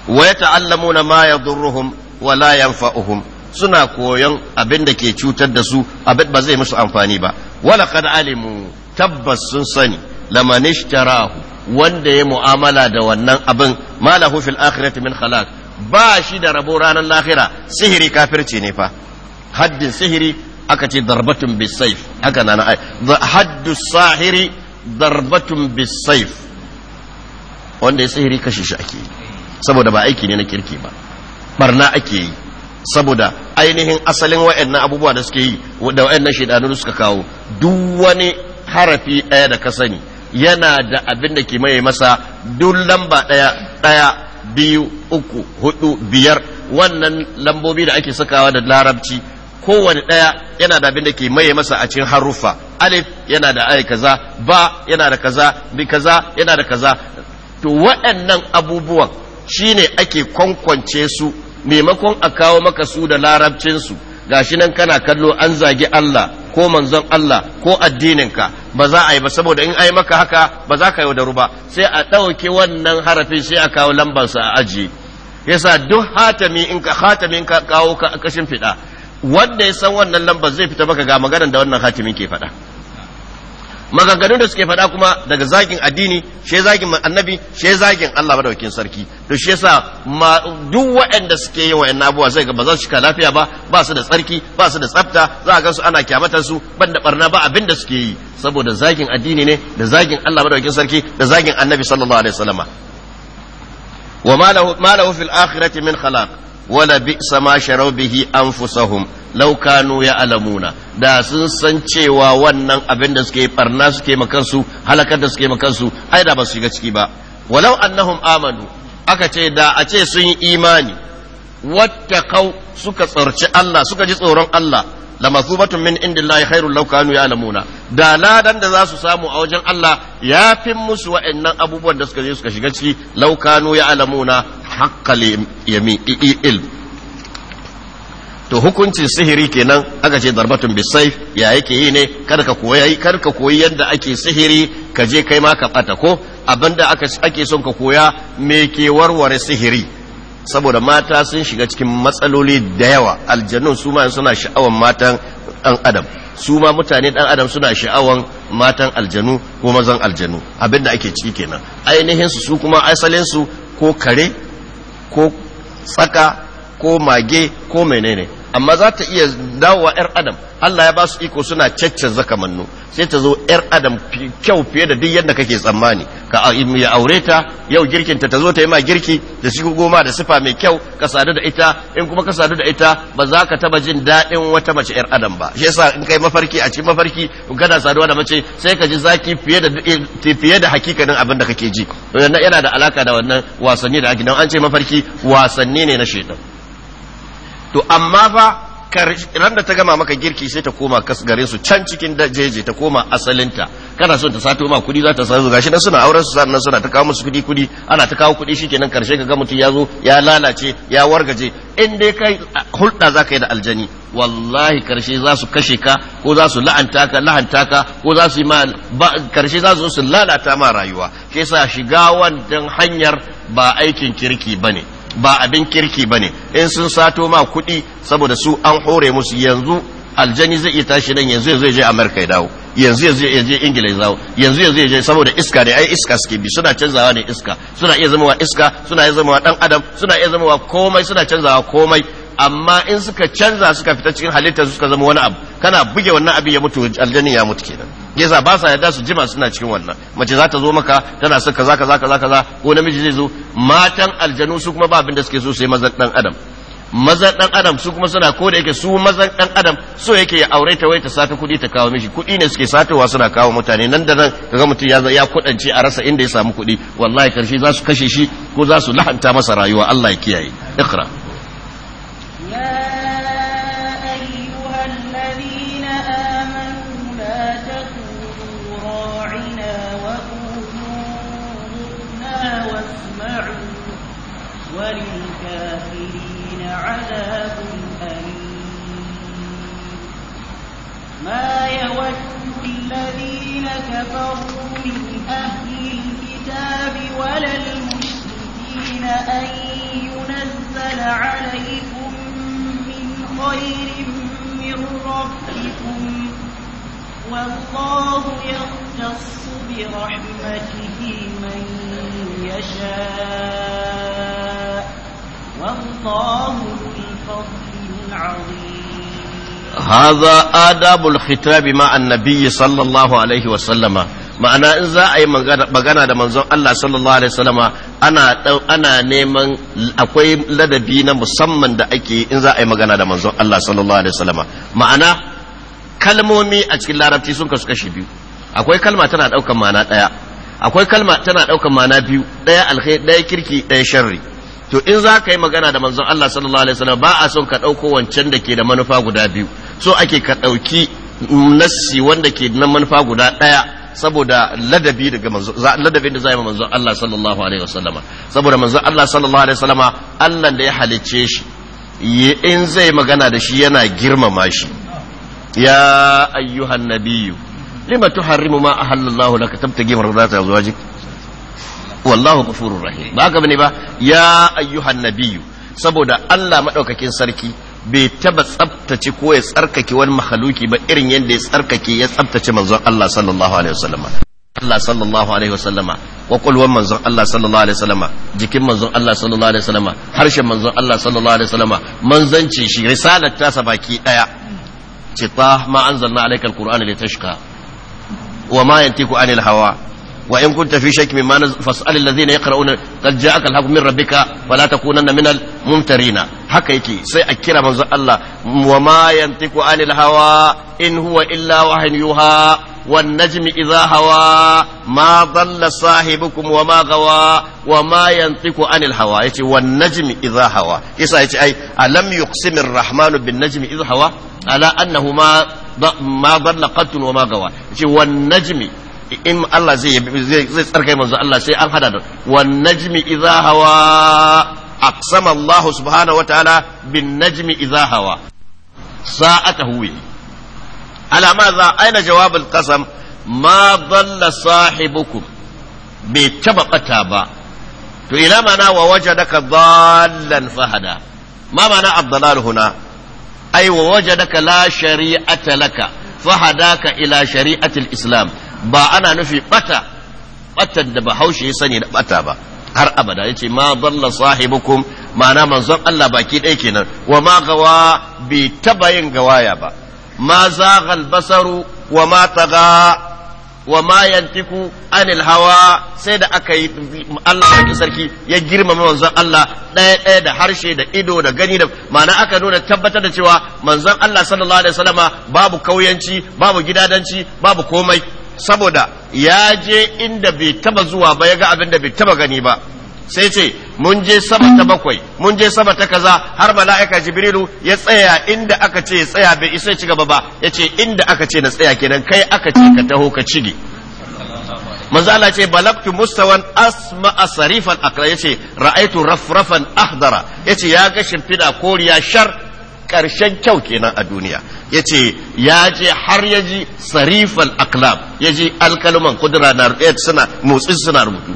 wa ya ta'allamuna ma yadurruhum wa la yanfa'uhum suna koyon abin da ke cutar da su abin ba zai musu amfani ba walaqad alimu tabbas sun sani laman wanda ya mu'amala da wannan abin ma fil akhirati min khalaq ba shi da rabo ranar lahira sihiri kafirci ne fa haddin sihiri aka ce darbatun bisayf haka na na haddu sahiri darbatun bisayf wanda ya sihiri kashe shi ake yi saboda ba aiki ne na kirki ba barna ake yi saboda ainihin asalin wa'annan abubuwa da suke yi da wa'annan shaidanu da suka kawo duk wani harafi ɗaya da ka yana da abin da ke maye masa duk lamba ɗaya ɗaya biyu uku hudu biyar wannan lambobi da ake sakawa da larabci kowane ɗaya yana da abin da ke maye masa a cikin haruffa alif yana da ai kaza ba yana da kaza bi kaza yana da kaza to waɗannan abubuwan shine ake kwankwance su maimakon a kawo maka su da larabcinsu gashi nan kana kallo an zagi Allah ko manzon Allah ko addininka ba za a yi ba saboda in ai maka haka ba za ka yaudaru ba sai a ɗauki wannan harafin sai a kawo lambarsa a ajiye yasa duk hatami in ka hatami in ka kawo kashin fida wanda ya san wannan lambar zai fita maka ga maganar da wannan hatimin ke faɗa maganganun da suke faɗa kuma daga zagin addini shi zagin annabi shi zagin Allah madaukin sarki to shi yasa duk waɗanda suke yin wa'in abubuwa sai ga ba za su cika lafiya ba ba su da tsarki ba su da tsafta za ga su ana kyamatar su ban da barna ba abin da suke yi saboda zagin addini ne da zagin Allah madaukin sarki da zagin annabi sallallahu alaihi wasallama wa ma lahu fil akhirati min khalaq wala bi sama sharau bihi anfusahum law kanu alamuna. da sun san cewa wannan abin da suke barna suke makansu halakar da suke makansu ai da ba su shiga ciki ba walau annahum amanu aka ce da a ce sun yi imani wattaqau suka tsorci Allah suka ji tsoron Allah lamathubatun min indillahi khairul law kanu ya'lamuna da ladan da za su samu a wajen Allah ya fi musu wa'annan abubuwan da suka je suka shiga ciki law kanu ya'lamuna haqqal ilm to hukuncin sihiri kenan aka ce darbatun bisayf ya yake yi ne karka koyi karka koyi yadda ake sihiri ka je kai ma ka bata ko abinda aka ake son ka koya me ke warware sihiri saboda mata sun shiga cikin matsaloli da yawa aljannun su ma suna sha'awan matan dan adam su ma mutane dan adam suna sha'awan matan aljanu ko mazan aljanu abinda ake ciki kenan ainihin su kuma asalin su ko kare ko tsaka ko mage ko menene amma za ta iya dawowa 'yar adam Allah ya ba su iko suna caccanza kamannu sai ta zo yar adam kyau fiye da duk yadda kake tsammani ka ya aure ta yau girkin ta zo ta yi ma girki da shi goma da sifa mai kyau ka sadu da ita in kuma ka sadu da ita ba za ka taba jin daɗin wata mace yar adam ba shi yasa in kai mafarki a cikin mafarki in kana saduwa da mace sai ka ji zaki fiye da eh, fiye da hakikanin abin da kake ji yana da alaka da wannan wasanni da ake an ce mafarki wasanni ne na shaida to amma fa ran da ta gama maka girki sai ta koma gare su can cikin jeje ta koma asalinta kana son ta sato ma kudi za ta sazo gashi nan suna auren su sannan suna ta kawo musu kudi kudi ana ta kawo kudi shikenan karshe ka ga mutum ya zo ya lalace ya wargaje in dai kai hulɗa za ka yi da aljani wallahi karshe za su kashe ka ko za su la'anta ka la'anta ka ko za su yi ma karshe za su su lalata ma rayuwa ke sa shiga wannan hanyar ba aikin kirki bane ba abin kirki ba ne in sun sato ma kuɗi saboda su an hore musu yanzu aljani zai iya tashi nan yanzu yanzu ya je amurka ya dawo yanzu yanzu ya je ingila ya dawo yanzu yanzu ya je saboda iska ne ai iska suke bi suna canzawa ne iska suna iya zama wa iska suna iya zama dan adam suna iya zama wa komai suna canzawa komai amma in suka canza suka fita cikin halittar suka zama wani abu kana buge wannan abin ya mutu aljani ya mutu kenan gesa ba sa yadda su jima suna cikin wannan mace za ta zo maka tana son kaza kaza kaza kaza ko namiji zai zo matan aljanu su kuma ba abin da suke so sai mazan dan adam mazan dan adam su kuma suna ko da yake su mazan dan adam so yake ya aure ta wai ta sata kudi ta kawo miji kudi ne suke satowa suna kawo mutane nan da nan kaga mutum ya ya kudance a rasa inda ya samu kudi wallahi karshe za su kashe shi ko za su lahanta masa rayuwa Allah ya kiyaye ikra كفروا من أهل الكتاب ولا المشركين أن ينزل عليكم من خير من ربكم والله يختص برحمته من يشاء والله ذو الفضل العظيم haza adabul khitabi ma annabi sallallahu alaihi sallama ma'ana in za a yi magana da manzon Allah sallallahu alaihi wasallama ana ana neman akwai ladabi na musamman da ake in za a yi magana da manzon Allah sallallahu alaihi sallama ma'ana kalmomi a cikin larabci sun kasu kashi biyu akwai kalma tana daukar ma'ana daya akwai kalma tana daukar ma'ana biyu daya alkhair daya kirki daya sharri to in za ka yi magana da manzon Allah sallallahu alaihi wasallam ba a son ka dauko wancan da ke da manufa guda biyu so ake ka ɗauki nassi wanda ke nan manufa guda ɗaya saboda ladabi daga manzo ladabin da zai manzo Allah sallallahu alaihi wasallama saboda manzo Allah sallallahu alaihi wasallama Allah da ya halicce shi in zai magana da shi yana girmama shi ya ayyuhan nabiyyu lima tuharrimu ma ahallallahu laka tabtagi marzata azwajik wallahu ghafurur rahim ba haka bane ba ya ayyuhan nabiyyu saboda Allah madaukakin sarki bai taba tsabtace ko ya tsarkake wani mahaluki ba irin yadda ya tsarkake ya tsabtace manzon Allah sallallahu alaihi wasallama Allah sallallahu alaihi wasallama kwakwalwar manzon Allah sallallahu alaihi wasallama jikin manzon Allah sallallahu alaihi wasallama harshen manzon Allah sallallahu alaihi wasallama manzancin shi risalar tasa baki daya ce ta ma anzalna alaikal qur'ana litashqa wa ma yantiku anil hawa wa in kunta fi shakki mimma fas'al alladhina yaqra'una qad ja'aka al-haqqu min rabbika fala takunanna min al-mumtarina haka yake sai a kira manzon Allah wa ma yantiqu anil hawa alam yuqsimu rahmanu bin in Allah zai zai tsarkai manzo Allah sai an hada da wan najmi idha hawa aqsama Allah subhanahu wataala bin najmi idha hawa ala ma za aina jawabin qasam ma dalla sahibukum bai taba bata ba to ila mana wa wajadaka dallan fahada ma mana abdalal huna ai wa wajadaka la shari'ata laka fahadaka ila shari'atil islam ba ana nufi bata batan da bahaushe ya sani da bata ba har abada yace ma dalla sahibukum ma'ana manzon Allah baki ɗaya kenan wa ma gawa bi taba yin gawaya ba ma zaghal basaru wa ma taga wa ma yantiku anil hawa sai da aka yi Allah ya sarki ya girmama manzon Allah ɗaya ɗaya da harshe da ido da gani da ma'ana aka nuna tabbatar da cewa manzon Allah sallallahu alaihi wasallama babu kauyanci babu gidadanci babu komai saboda ya je inda bai taba zuwa ba ya ga abin da bai taba gani ba sai ce mun je sama ta bakwai mun je sama ta kaza har mala'ika jibrilu ya tsaya inda aka ce ya tsaya bai isa ci gaba ba ya ce inda aka ce na tsaya kenan kai aka ce ka taho ka cige manzo Allah ce balagtu mustawan asma asarifan akra yace ra'aitu rafrafan ahdara yace ya ga shimfida koriya shar Karshen kyau kenan a duniya ya ce ya je har ya ji sarifal aklam ya ji alkalman kudura na suna motsi suna rubutu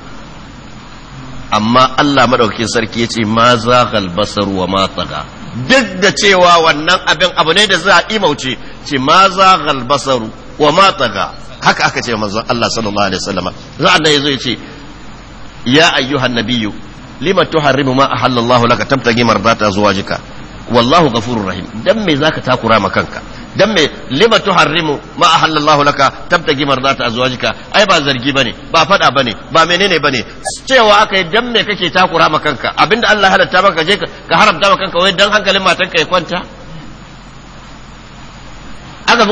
amma Allah maɗaukakin sarki ya ce ma za wa ma duk da cewa wannan abin abu ne da za a imauce ce ma za basaru wa ma haka aka ce manzon Allah sallallahu alaihi wasallam za a ya zo ya ce ya ayyuhan nabiyyu lima tuharrimu ma ahallallahu laka tabtagi mardata jika. wallahu ghafurur rahim dan me zaka takura ma kanka dan me lima tuharrimu ma ahallallahu ba zargi bane ba cewa aka yi kake takura ma abinda Allah halatta maka je ka haramta ma wai dan hankalin matanka ya kwanta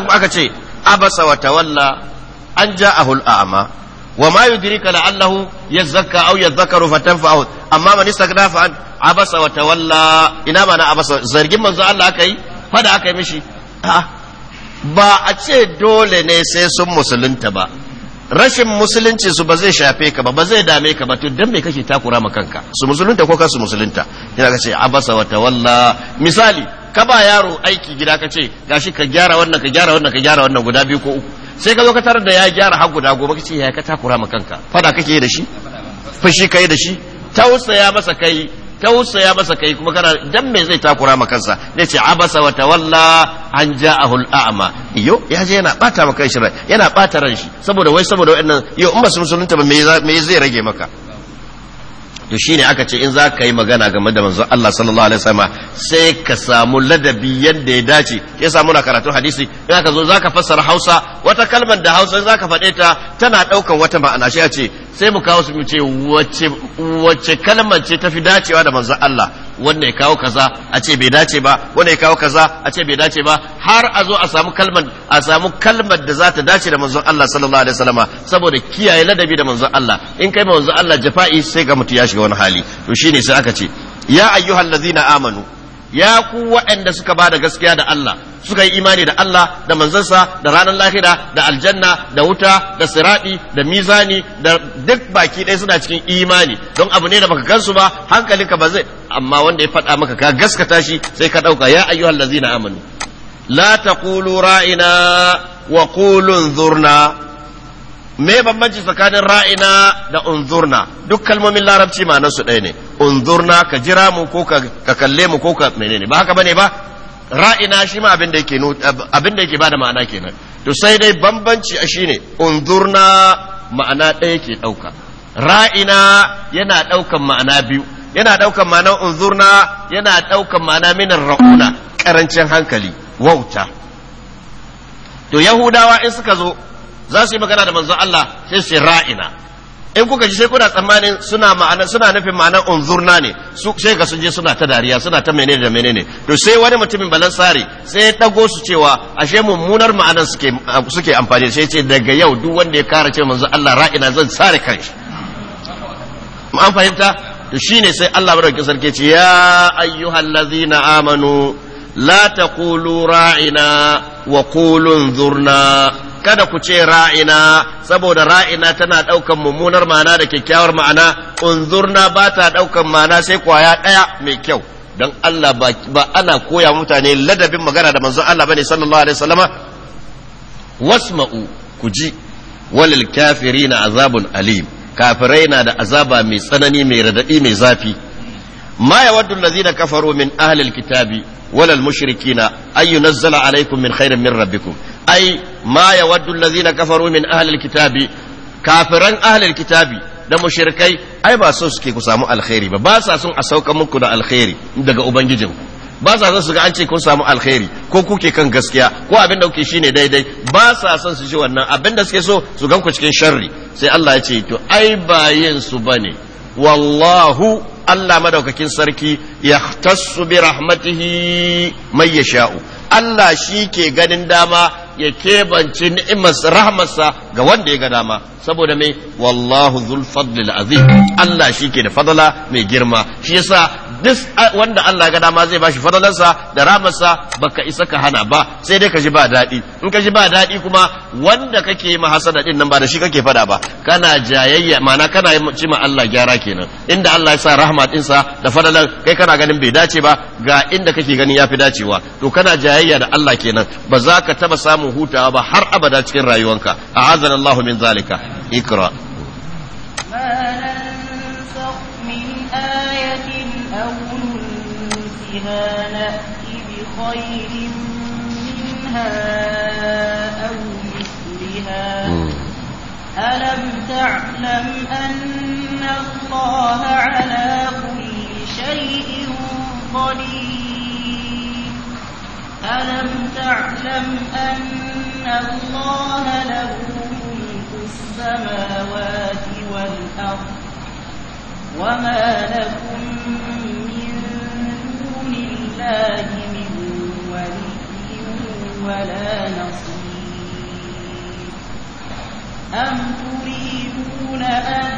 aka ce abasa wa tawalla an ja'ahu al'ama wa ma yudrika amma abasa wa tawalla ina ma na abasa zargin manzo Allah aka yi fada aka yi mishi ba a ce dole ne sai sun musulunta ba rashin musulunci su ba zai shafe ka ba ba zai dame ka ba to dan me kake takura ma kanka su musulunta ko ka su musulunta ina ka ce abasa wa tawalla misali ka ba yaro aiki gida ka ce gashi ka gyara wannan ka gyara wannan ka gyara wannan guda biyu ko uku sai ka zo ka tarar da ya gyara har guda gobe ka ce ya ka takura ma kanka fada kake da shi fashi kai da shi tausaya masa kai tausaya masa kai kuma kana dan me zai takura ma kansa zai ce abasa wa tawalla an ja'ahul a'ma yo ya je yana bata maka shi yana bata ran shi saboda wai saboda wannan yo in ba su musulunta ba me zai rage maka to shine aka ce in za ka yi magana game da manzon Allah sallallahu alaihi wasallam sai ka samu ladabi yadda ya dace ya samu na karatun hadisi in aka zo zaka fassara Hausa wata kalmar da Hausa zaka faɗe ta tana ɗaukan wata ma'ana shi a ce sai mu kawo su mu ce wace wace kalmar ce tafi dacewa da manzon Allah wanda ya kawo kaza a ce bai dace ba wanda ya kawo kaza a ce bai dace ba har a zo a samu kalmar a samu kalmar da za ta dace da manzon Allah sallallahu alaihi wasallama saboda kiyaye ladabi da manzon Allah in kai manzon Allah jafa'i sai ga mutu ya shiga wani hali to shine sai aka ce ya ayyuhallazina amanu ya ku waɗanda suka ba da gaskiya da Allah suka yi imani da Allah da manzansa da ranar lahira da aljanna da wuta da siradi da mizani da duk baki ɗaya suna cikin imani don abu ne da baka gansu ba hankalinka ba zai amma wanda ya faɗa maka ka gaskata shi sai ka ɗauka ya ayyuhal lazina amanu la taqulu ra'ina wa zurna me bambanci tsakanin ra'ina da unzurna duk kalmomin larabci ma su ɗaya ne unzurna ka jira mu ko ka kalle mu ko ka menene ba haka bane ba ra'ina shi ma abin da yake abin da bada ma'ana kenan to sai dai bambanci ne unzurna ma'ana ɗaya ke ɗauka ra'ina yana ɗaukan ma'ana biyu yana ɗaukan ma'ana unzurna yana ɗaukan ma'ana minar ra'una karancin hankali wauta to yahudawa in suka zo za su yi magana da manzon Allah sai su ra'ina in kuka ji sai kuna tsammanin suna ma'ana suna nufin ma'anar unzurna ne su sai ga sun je suna ta dariya suna ta menene da menene to sai wani mutumin balansari sai ya dago su cewa ashe mummunar ma'anar suke suke amfani sai ce daga yau duk wanda ya kara ce manzon Allah ra'ina zan sare kai. an fahimta to shine sai Allah madaukakin sarki ce ya ayyuhallazina amanu la تقولوا ra'ina wa انظرنا kada ku ce ra'ina saboda ra'ina tana ɗaukan mummunar ma'ana da kyakkyawar ma'ana unzurna ba ta ɗaukan ma'ana sai kwaya ɗaya mai kyau don Allah ba ana koya mutane ladabin magana da manzon Allah bane sallallahu alaihi wasallama wasma'u ku ji walil kafirina azabun alim kafirai na da azaba mai tsanani mai radadi mai zafi ما يود الذين كفروا من أهل الكتاب ولا المشركين أن ينزل عليكم من خير من ربكم أي ما يود الذين كفروا من أهل الكتاب كافرا أهل الكتاب da mushrikai ai ba so suke ku samu alkhairi ba ba sa son a sauka muku da alkhairi daga ubangijin ba sa son su ga an ce kun samu alkhairi ko kuke kan gaskiya ko abin da kuke shine daidai ba sa son su ji wannan abin da suke so su gan ku cikin sharri sai Allah ya ce to ai ba yin su bane wallahu Allah madaukakin sarki ya bi rahmatihi mai ya sha'u Allah shi ke ganin dama ya keɓance ni'imas rahmarsa ga wanda ya ga dama saboda mai wallahu zulfadlil azim Allah shi ke da fadala mai girma shi yasa duk wanda Allah ga dama zai bashi fadalansa da ramarsa baka isa ka hana ba sai dai ka ji ba daɗi in ka ji ba daɗi kuma wanda kake yi mahasada din nan ba da shi kake fada ba kana jayayya mana kana ci ma Allah gyara kenan inda Allah ya sa rahmatinsa dinsa da fadalan kai kana ganin bai dace ba ga inda kake ganin ya fi dacewa to kana jayayya da Allah kenan ba za ka taba samun hutawa ba har abada cikin rayuwanka a'azana min zalika ikra فيها نأتي بخير منها أو مثلها ألم تعلم أن الله على كل شيء قدير ألم تعلم أن الله له ملك السماوات والأرض وما لكم لله من ولي ولا نصير أم تريدون أن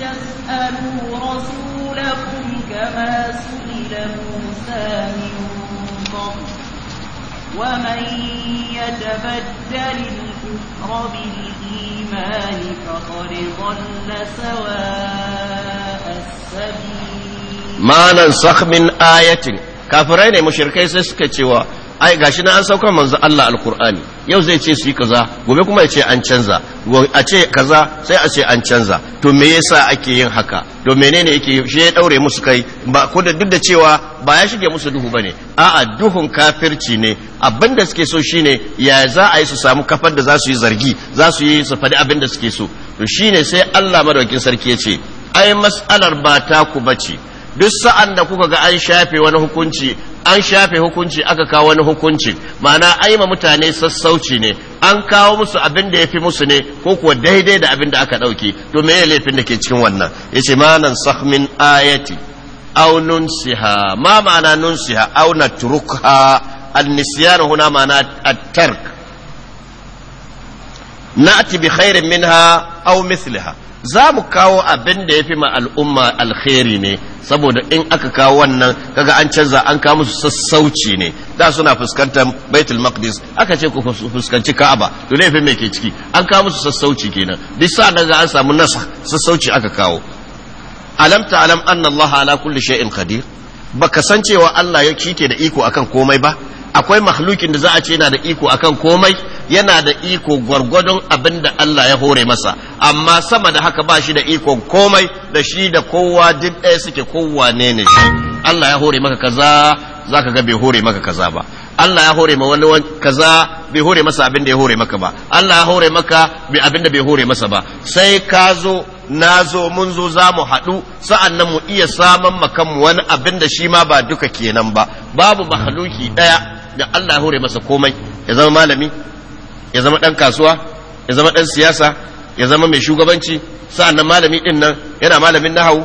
تسألوا رسولكم كما سئل موسى من قبل ومن يتبدل الكفر بالإيمان فقد ضل سواء السبيل ما ننسخ من آية kafirai ne mushirkai sai suka cewa ai gashi na an saukar manzo Allah alkur'ani yau zai ce su yi kaza gobe kuma ya ce an canza a ce kaza sai a ce an canza to me yasa ake yin haka to menene yake shi ya daure musu kai ba ko da duk da cewa ba ya shige musu duhu bane a'a duhun kafirci ne abin da suke so shine ya za a yi su samu kafar da za su yi zargi za su yi su faɗi abin da suke so to shine sai Allah madaukin sarki ya ce ai mas'alar ba ta ku bace duk sa'an da kuka ga an shafe wani hukunci an shafe hukunci aka kawo wani hukunci ma'ana aima mutane sassauci ne an kawo musu abin da ya fi musu ne ko kuwa daidai da abin da aka ɗauki to me laifin da ke cikin wannan ya ce manan sahmin ayati au nunsiha ma ma'ana nunsiha au na turukha an nisyan huna ma'ana at-tark na'ti bi khairin minha au misliha za mu kawo abin da ya fi ma al'umma alkhairi ne saboda in aka kawo wannan kaga an canza an kawo musu sassauci ne da suna fuskantar baitul maqdis aka ce ku fuskanci ka'aba to fi me ke ciki an kawo musu sassauci kenan duk sa daga an samu nasa sassauci aka kawo alam ta alam anna allaha ala kulli shay'in qadir baka san cewa Allah ya kike da iko akan komai ba akwai makhlukin da za a ce yana da iko akan komai yana da iko gwargwadon abin da Allah ya hore masa amma sama da haka ba shi da ikon komai da shi da kowa duk ɗaya suke kowa ne ne shi Allah ya hore maka kaza za ka ga bai hore maka kaza ba Allah ya hore ma wani kaza bai hore masa abin da ya hore maka ba Allah ya hore maka bai abin da bai hore masa ba sai ka zo na zo mun zo za mu haɗu sa'an nan mu iya saman makamu wani abin da shi ma ba duka kenan ba babu mahaluki ɗaya da Allah ya hore masa komai ya zama malami ya zama dan kasuwa ya zama dan siyasa ya zama mai shugabanci sa'annan malami din nan yana malamin nahawu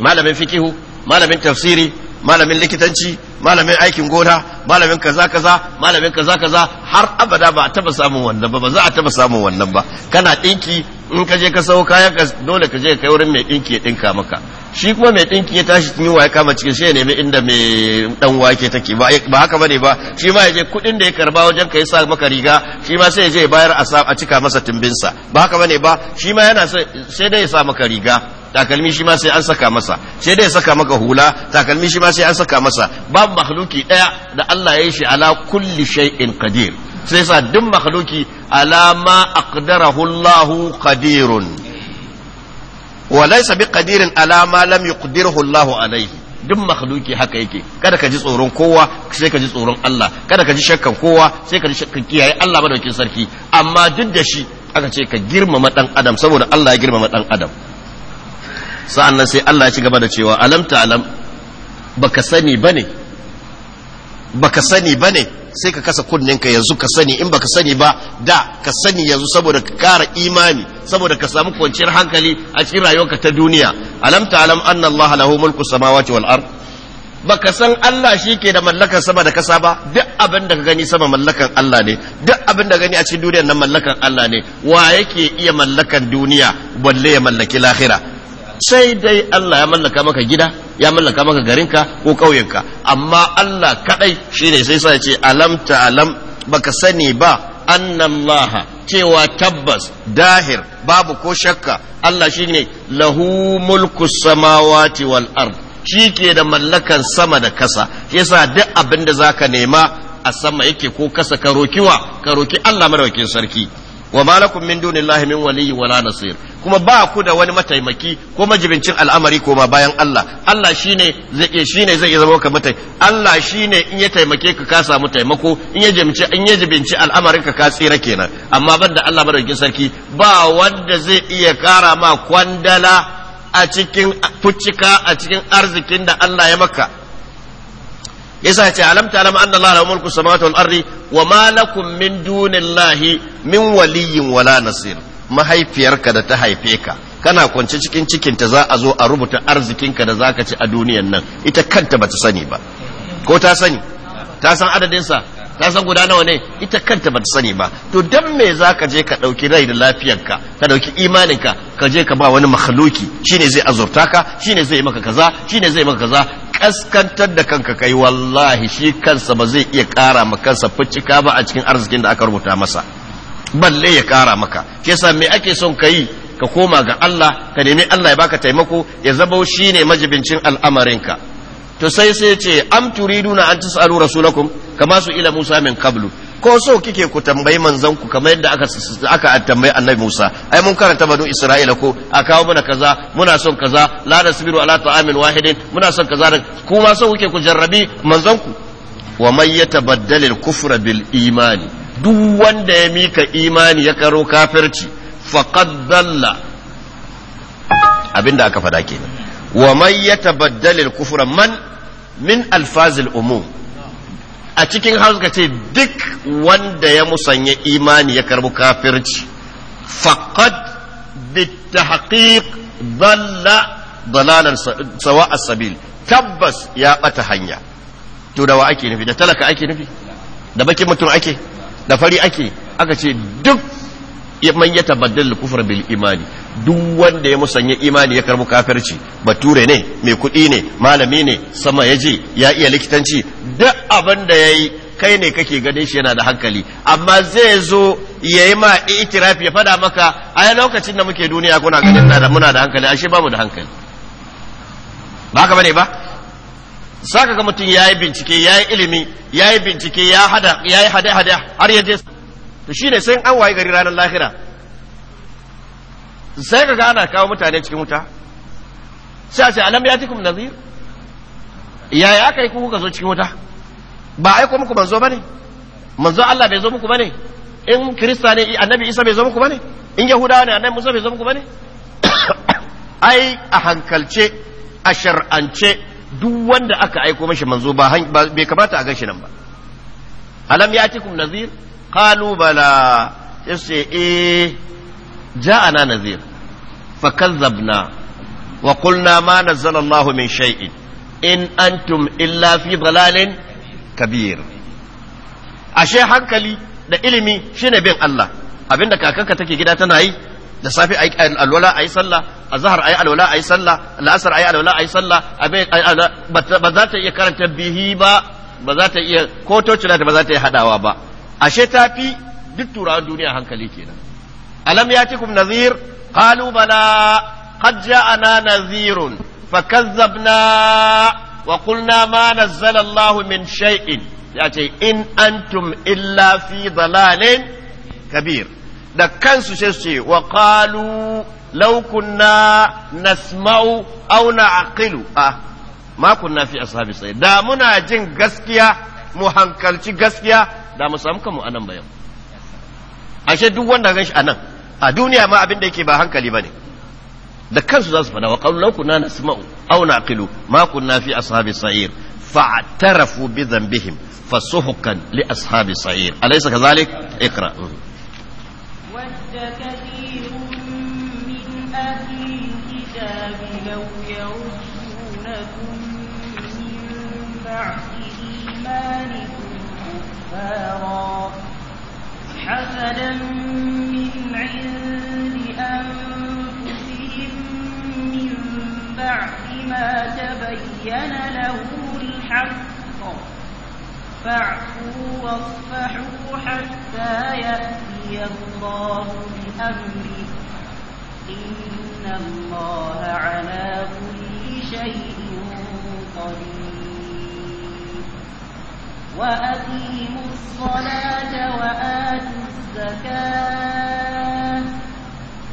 malamin fikihu malamin tafsiri malamin likitanci malamin aikin gona malamin kaza kaza malamin kaza kaza har abada ba a taba samun wannan ba ba za a taba samun wannan ba kana dinki in ka je ka sau kayan dole ka je ka kai wurin mai dinki ya dinka maka shi kuma mai ɗinki ya tashi tun ya kama cikin sai ya nemi inda mai ɗan wake take ba haka bane ba shi ma ya je kuɗin da ya karba wajen ka sa maka riga shi ma sai ya bayar a cika masa tumbinsa ba haka bane ba shi ma yana sai dai ya sa maka riga takalmi shi ma sai an saka masa sai dai ya saka maka hula takalmi shi ma sai an saka masa babu makhluki ɗaya da Allah ya yi shi ala kulli shay'in qadir sai sa duk makhluki ala ma aqdarahu Allahu qadirun wa laysa bi qadirin ala ma lam yuqdirhu Allah alayhi duk makhluki haka yake kada ka ji tsoron kowa sai ka ji tsoron Allah kada ka ji shakkan kowa sai ka ji shakkan kiyaye Allah madaukin sarki amma duk da shi aka ce ka girmama dan adam saboda Allah ya girmama dan adam sa'an sai Allah ya ci gaba da cewa alam ta alam baka sani bane baka sani bane sai ka kasa kunninka yanzu ka sani in baka sani ba da ka sani yanzu saboda ka kara imani saboda ka samu kwanciyar hankali a cikin rayuwarka ta duniya alam alam anna allaha lahu mulku samawati wal ard baka san Allah shi ke da mallakar sama da kasa ba duk abin da ka gani sama mallakan Allah ne duk abin da gani a cikin duniyar nan mallakan Allah ne wa yake iya mallakan duniya balle ya mallaki lahira sai dai Allah ya mallaka maka gida ya mallaka maka garinka ko ƙauyenka amma Allah kadai ne sai sai ce alam ta alam baka sani ba annallaha cewa tabbas dahir babu ko shakka Allah shi ne lahu mulku samawati wal ard shi ke da mallakan sama da kasa yasa duk abin da zaka nema a sama yake ko kasa ka roki wa ka roki Allah madaukakin sarki wa malakum min dunillahi min waliyyi wala nasir kuma ba ku da wani mataimaki ko majibincin al'amari ko ma bayan Allah Allah shine zai shine zai zama ka mataimaki Allah shine in ya taimake ka ka samu taimako in ya jibinci in ya jibinci al'amarin ka ka tsira kenan amma banda Allah madaukakin sarki ba wanda zai iya kara ma kwandala a cikin fuccika a cikin arzikin da Allah ya maka yasa ce alam alam anna Allah lahu mulku samawati wal ardi wa ma lakum min dunillahi min waliyyin wala nasir mahaifiyarka da ta haife ka kana kwance cikin cikin ta za a zo a rubuta arzikinka da zaka ci a duniyan nan ita kanta bata sani ba ko ta sani ta san adadinsa ka san guda nawa ne ita kanta ba ta sani ba to dan me za ka je ka ɗauki rai da lafiyarka ka ɗauki imaninka ka je ka ba wani makhluki shine zai azurta ka shine zai maka kaza shine zai maka kaza kaskantar da kanka kai wallahi shi kansa ba zai iya ƙara ma kansa ficcika ba a cikin arzikin da aka rubuta masa balle ya ƙara maka ke yasa me ake son ka yi ka koma ga Allah ka nemi Allah ya baka taimako ya zabo shine majibincin ka. to sai sai ce am na an tasalu rasulakum kama su ila Musa min qablu ko so kike ku tambayi manzon ku kamar yadda aka aka tambayi Annabi Musa ai mun karanta banu Isra'ila ko a kawo mana kaza muna son kaza la nasbiru ala ta'amin wahidin muna son kaza kuma so kuke ku jarrabi manzon ku wa man yatabaddal al-kufra bil imani duk wanda ya mika imani ya karo kafirci faqad dalla abinda aka fada kenan wa man yatabaddal al-kufra man min alfazil umum a cikin hausa ce duk wanda ya musanya imani ya karbu kafirci faqad bitahqiq dalla dalalan sawa as-sabil tabbas ya bata hanya to da wa ake nufi da talaka ake nufi da bakin mutum ake da fari ake aka ce duk man ya tabaddal kufar bil imani duk wanda ya musanya imani ya karbu kafirci bature ne mai kuɗi ne malami ne sama ya je ya iya likitanci duk abin da yayi kai ne kake ganin shi yana da hankali amma zai zo ya yi ma itirafi ya fada maka a lokacin da muke duniya kuna ganin na da muna da hankali ashe mu da hankali ba ka bane ba saka ga mutum ya yi bincike ya yi ilimi ya yi bincike ya hada ya yi hada hada har ya to shine sai an waye gari ranar lahira sai ka ana kawo mutane cikin wuta sai a ce alam ya tikum nazir yaya aka yi ku kuka zo cikin wuta ba aiko muku manzo bane manzo Allah bai zo muku bane in kirista ne annabi Isa bai zo muku bane in yahudawa ne annabi Musa bai zo muku bane ai a hankalce a shar'ance duk wanda aka aiko mashi manzo ba bai kamata a ganshi nan ba alam ya yatikum nazir qalu bala sai su ce eh ja'ana nazir fakazzabna wa qulna ma nazzala Allah min shay'in in antum illa fi dalalin ashe hankali da ilimi shine bin Allah abinda kakanka take gida tana yi da safe ayi alwala ayi sallah a azhar ayi alwala ayi sallah al'asr ayi alwala ayi sallah ba za ta iya karanta bihi ba ba za ta iya ko tocila ta ba za ta iya hadawa ba ashe tafi duk turawan duniya hankali kenan alam yatikum nazir qalu bala qad ja'ana nazirun fakazzabna wa qulna ma nazzala Allahu min shay'in yace in antum illa fi dalalin kabir da kansu sai su ce wa qalu law kunna nasma'u aw na'qilu ah ma kunna fi ashabi da muna jin gaskiya mu hankalci gaskiya da mu samu kanmu anan bayan ashe duk wanda gan shi anan a duniya ma abin da yake ba hankali bane da kansu za su fada wa qalu law kunna nasma'u aw naqilu ma kunna fi ashabis sa'ir fa'tarafu bi dhanbihim fasuhukan li ashabis sa'ir alaysa kadhalik iqra بعد إيمانكم كفارا حسدا من عند أنفسهم من بعد ما تبين له الحق فاعفوا واصفحوا حتى يأتي الله بأمره إن الله على كل شيء قدير وأقيموا الصلاة وآتوا الزكاة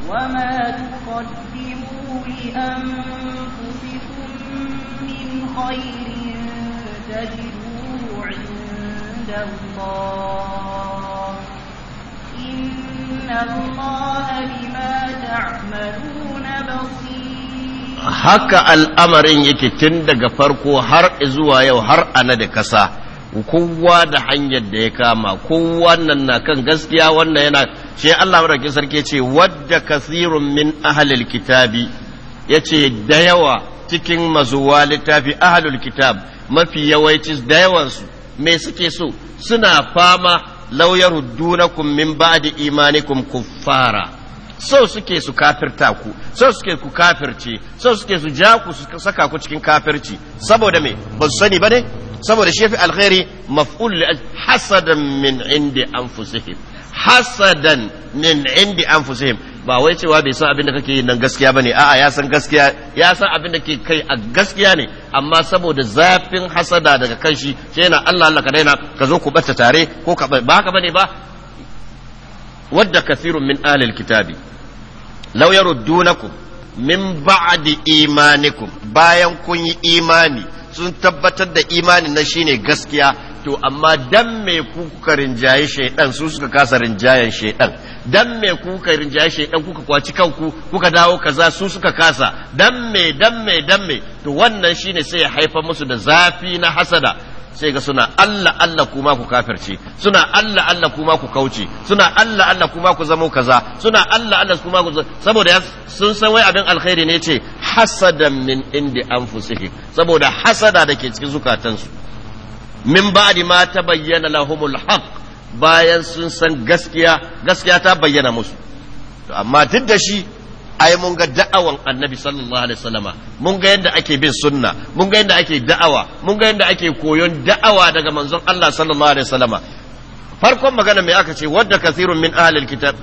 وما تقدموا لأنفسكم من خير تجدوه عند الله إن الله بما تعملون بصير haka al'amarin yake tun daga farko har zuwa yau har ana da kasa kowa da hanyar da ya kama kowannan na kan gaskiya wannan yana shi Allah madaukakin sarki ce wadda kasirun min ahlil kitabi yace da yawa cikin mazuwa littafi ahlul kitab mafi yawanci da yawansu mai suke so suna fama lauyar dunakum min ba'di imanikum kuffara so suke su kafirta ku so suke ku kafirci so suke su ja ku saka ku cikin kafirci saboda me ba su sani ba ne saboda shi fi alkhairi maf'ul li hasadan min indi anfusihim hasadan min indi anfusihim ba wai cewa bai san abin da kake yi nan gaskiya bane a'a ya san gaskiya ya san abin da ke kai a gaskiya ne amma saboda zafin hasada daga kan shi sai yana Allah Allah ka daina ka zo ku bata tare ko ka ba haka bane ba wadda kasirun min alil kitabi law yaruddunakum min ba'di imanikum bayan kun yi imani sun tabbatar da imanin na shine gaskiya to amma dan me kuka rinjaye shaidan su suka kasa rinjayen shaidan dan me kuka rinjaye shaidan kuka kwaci kanku kuka dawo kaza su suka kasa dan me dan me dan me to wannan shine sai ya haifa musu da zafi na hasada sai ga suna Allah Allah kuma ku kafirce suna Allah Allah kuma ku kauce suna Allah Allah kuma ku zamo kaza suna Allah Allah kuma ku saboda sun san wai abin alkhairi ne ce hasadan min indi anfusihim saboda hasada da ke cikin zukatansu min ba'di ma tabayyana lahumul haqq bayan sun san gaskiya gaskiya ta bayyana musu amma duk da shi ai mun ga da'awan annabi sallallahu alaihi wasallama mun ga yadda ake bin sunna mun ga yadda ake da'awa mun ga yadda ake koyon da'awa daga manzon Allah sallallahu alaihi wasallama farkon magana mai aka ce wadda kasirun min ahlil kitab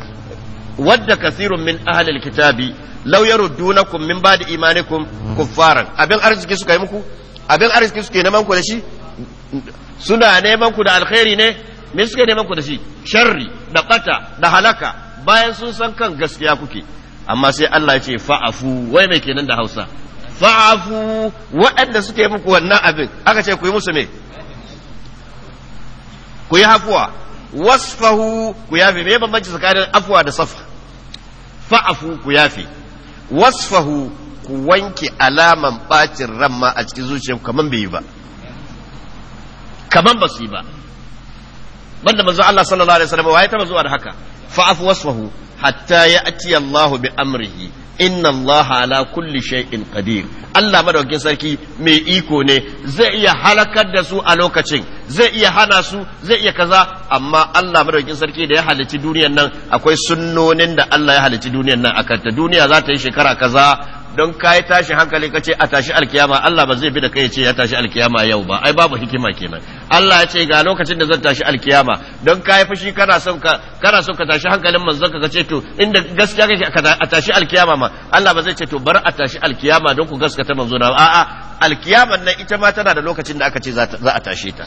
wadda kasirun min ahlil kitabi law yaruddunakum min ba'di imanikum kuffaran abin arziki suka yi muku abin arziki suke neman ku da shi suna neman ku da alkhairi ne me suke neman ku da shi sharri da bata da halaka bayan sun san kan gaskiya kuke amma sai Allah ya ce fa'afu wai mai kenan da Hausa fa'afu waɗanda suka yi muku wannan abin aka ce ku yi musu me ku yi hafuwa wasfahu ku yafi me bambanci tsakanin afuwa da safa fa'afu ku yafi wasfahu ku wanke alaman bacin ran ma a cikin zuciyarku kaman bai yi ba kaman ba su yi ba banda manzo Allah sallallahu alaihi wasallam waye ta zuwa da haka fa'afu wasfahu hatta ya ati Allahu bi amrihi inna Allah ala kulli shay'in qadir Allah madaukakin sarki mai iko ne zai iya halakar da su a lokacin zai iya hana su zai iya kaza amma Allah madaukakin sarki da ya halici duniyar nan akwai sunnonin da Allah ya halici duniyar nan akan ta duniya za ta yi shekara kaza don ka yi tashi hankali ka ce a tashi alkiyama Allah ba zai bi da kai ce ya tashi alkiyama yau ba ai babu hikima kenan Allah ya ce ga lokacin da zan tashi alkiyama don ka yi fushi kana son ka kana son ka tashi hankalin manzon ka ce to inda gaskiya kake a tashi alkiyama ma Allah ba zai ce to bar a tashi alkiyama don ku gaskata manzo na a'a alkiyama nan ita ma tana da lokacin da aka ce za a tashe ta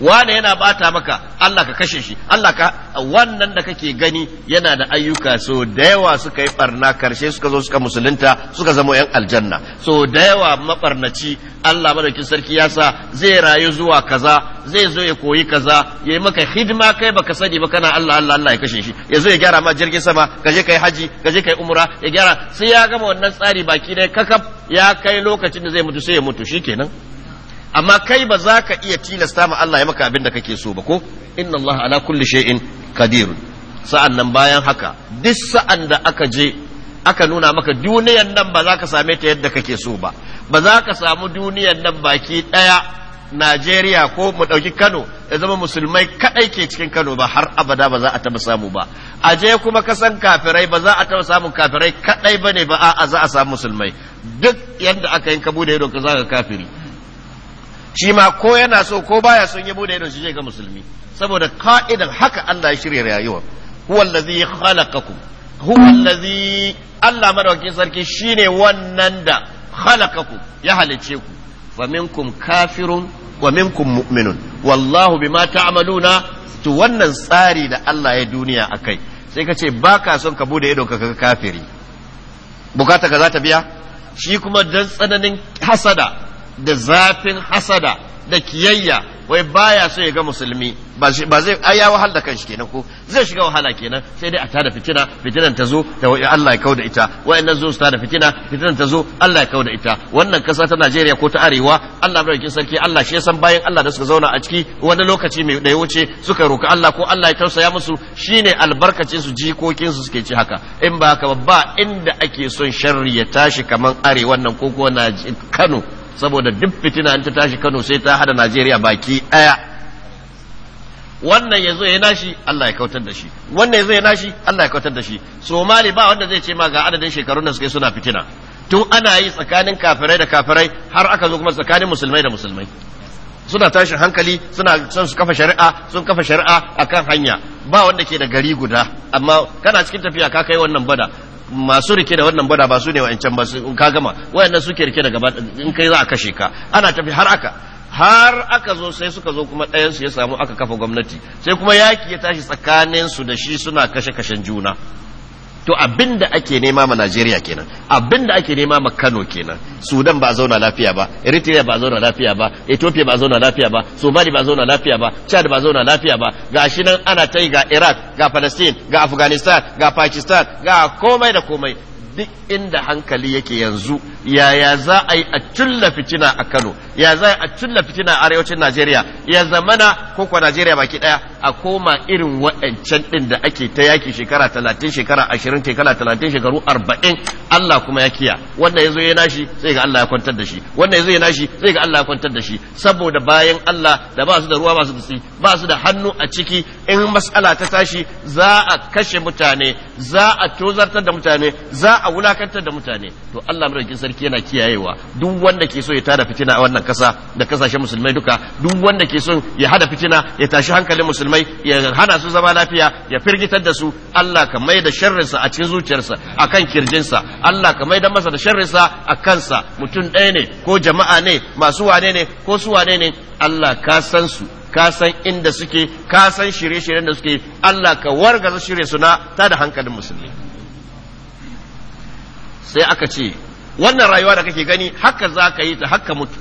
wane yana bata maka Allah ka kashe shi Allah ka wannan da kake gani yana da ayyuka so da yawa suka yi barna karshe suka zo suka musulunta suka zama yan aljanna so da yawa mabarnaci Allah madaukin sarki ya sa zai rayu zuwa kaza zai zo ya koyi kaza yayi maka hidima kai baka sani ba kana Allah Allah Allah ya kashe shi ya zo ya gyara ma jirgin sama ka je kai haji ka kai umra ya gyara sai ya gama wannan tsari baki dai kakaf ya kai lokacin da zai mutu sai ya mutu shikenan amma kai ba za ka iya tilasta ma Allah ya maka abin da kake so ba ko inna Allah ala kulli shay'in qadir sa'an nan bayan haka duk sa'an da aka je aka nuna maka duniyar nan ba za ka same ta yadda kake so ba ba za ka samu duniyar nan baki daya Najeriya ko mu ɗauki Kano ya zama musulmai kaɗai ke cikin Kano ba har abada ba za a taɓa samu ba a je kuma kasan kafirai ba za a taɓa samun kafirai kadai ba ne ba a za a samu musulmai duk yadda aka yi kabu da yadda ka za kafiri shi ma ko yana so ko baya son ya bude ido shi ga musulmi saboda ka'idan haka Allah ya shirya rayuwar huwa allazi khalaqakum huwa allazi Allah madaukakin sarki shine wannan da khalaqakum ya halice ku wa minkum kafirun wa minkum mu'minun wallahu bima ta'maluna to wannan tsari da Allah ya duniya akai sai ka ce baka son ka bude idon ka kafiri bukata ka za ta biya shi kuma dan tsananin hasada da zafin hasada da kiyayya wai baya so ya ga musulmi ba zai ai ya da kanshi kenan ko zai shiga wahala kenan sai dai a tada fitina fitinan ta zo da Allah ya kauda ita wayannan zo su tada fitina fitinan ta Allah ya kauda ita wannan kasa ta Najeriya ko ta Arewa Allah madaukakin sarki Allah shi ya san bayan Allah da suka zauna a ciki wani lokaci mai da ya wuce suka roka Allah ko Allah ya tausaya musu shine albarkacin su jikokin su suke ci haka in ba haka ba inda ake son sharri ya tashi kaman arewa nan ko ko Kano saboda duk fitina ta tashi Kano sai ta hada Najeriya baki daya wannan yazo ya nashi Allah ya kautar da shi wannan yazo ya nashi Allah ya kautar da shi Somali ba wanda zai ce ma ga adadin shekarun da suke suna fitina tun ana yi tsakanin kafirai da kafirai har aka zo kuma tsakanin musulmai da musulmai suna tashin hankali suna son su kafa shari'a sun kafa shari'a akan hanya ba wanda ke da gari guda amma kana cikin tafiya ka kai wannan bada masu rike da wannan bada ba su ne wa'ancan ba su ka gama wayannan suke rike da gaba in kai za a kashe ka ana tafi har aka har aka zo sai suka zo kuma ɗayan su ya samu aka kafa gwamnati sai kuma yaki ya tashi tsakanin su da shi suna kashe kashen juna to abin da ake nema ma Najeriya kenan abinda ake nema ma Kano kenan Sudan ba zauna lafiya ba Eritrea ba zauna lafiya ba Ethiopia ba zauna lafiya ba Somali ba zauna lafiya ba Chad ba zauna lafiya ba gashi nan ana tai ga Iraq ga Palestine ga Afghanistan ga Pakistan ga komai da komai duk inda hankali yake yanzu yaya za a yi a culla fitina a Kano ya za a culla fitina a arewacin Najeriya ya zamana koko Najeriya baki daya a koma irin waɗancan din da ake ta yaki shekara 30 shekara 20 shekara 30 shekaru 40 Allah kuma ya kiya wanda yazo ya nashi sai ga Allah ya kwantar da shi wanda yazo ya nashi sai ga Allah ya kwantar da shi saboda bayan Allah da ba su da ruwa ba su da ba su da hannu a ciki in mas'ala ta tashi za a kashe mutane za a tozartar da mutane za a wulakantar da mutane to Allah madaukakin sarki yana kiyayewa duk wanda ke so ya tada fitina a wannan kasa da kasashen musulmai duka duk wanda ke so ya hada fitina ya tashi hankalin musulmai ya hana su zama lafiya ya firgitar da su Allah ka mai da sharrinsa a cikin zuciyarsa akan kirjinsa Allah ka mai da masa da sharrinsa a kansa mutum ɗaya ne ko jama'a ne masu wane ne ko su wane ne Allah ka san su ka san inda suke ka san shirye-shiryen da suke Allah ka wargaza shirye suna ta da hankalin musulmi sai aka ce wannan rayuwa da kake gani haka za ka yi ta haka mutu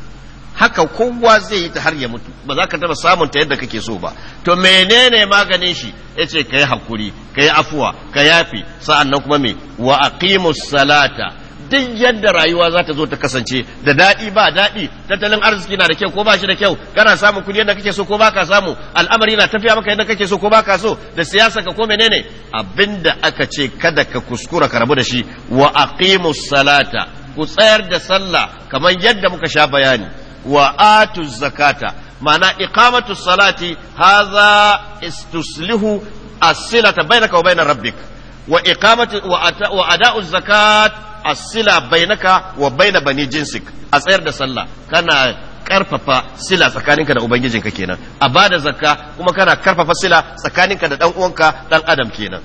haka kowa zai yi ta har ya mutu ba za ka taba samun ta yadda kake so ba to menene maganin shi ya ce ka yi hakuri ka yi afuwa ka yafi sa'an nan kuma mai wa aqimus salata duk yadda rayuwa za ta zo ta kasance da daɗi ba daɗi tattalin arziki na da kyau ko ba shi da kyau kana samun kuɗi yadda kake so ko ba ka samu al'amari na tafiya maka yadda kake so ko ba ka so da siyasa ka ko menene abinda aka ce kada ka kuskura ka rabu da shi wa aqimus salata ku tsayar da sallah kamar yadda muka sha bayani wa atu zakata ma'ana iqamatu salati hadha istuslihu as-silata bainaka wa bainar rabbika wa iqamati wa ada'u zakat asila sila bainaka wa baina bani jinsik a tsayar da sallah kana karfafa sila tsakaninka da ubangijinka kenan a bada zakka kuma kana karfafa sila tsakaninka da dan uwanka dan adam kenan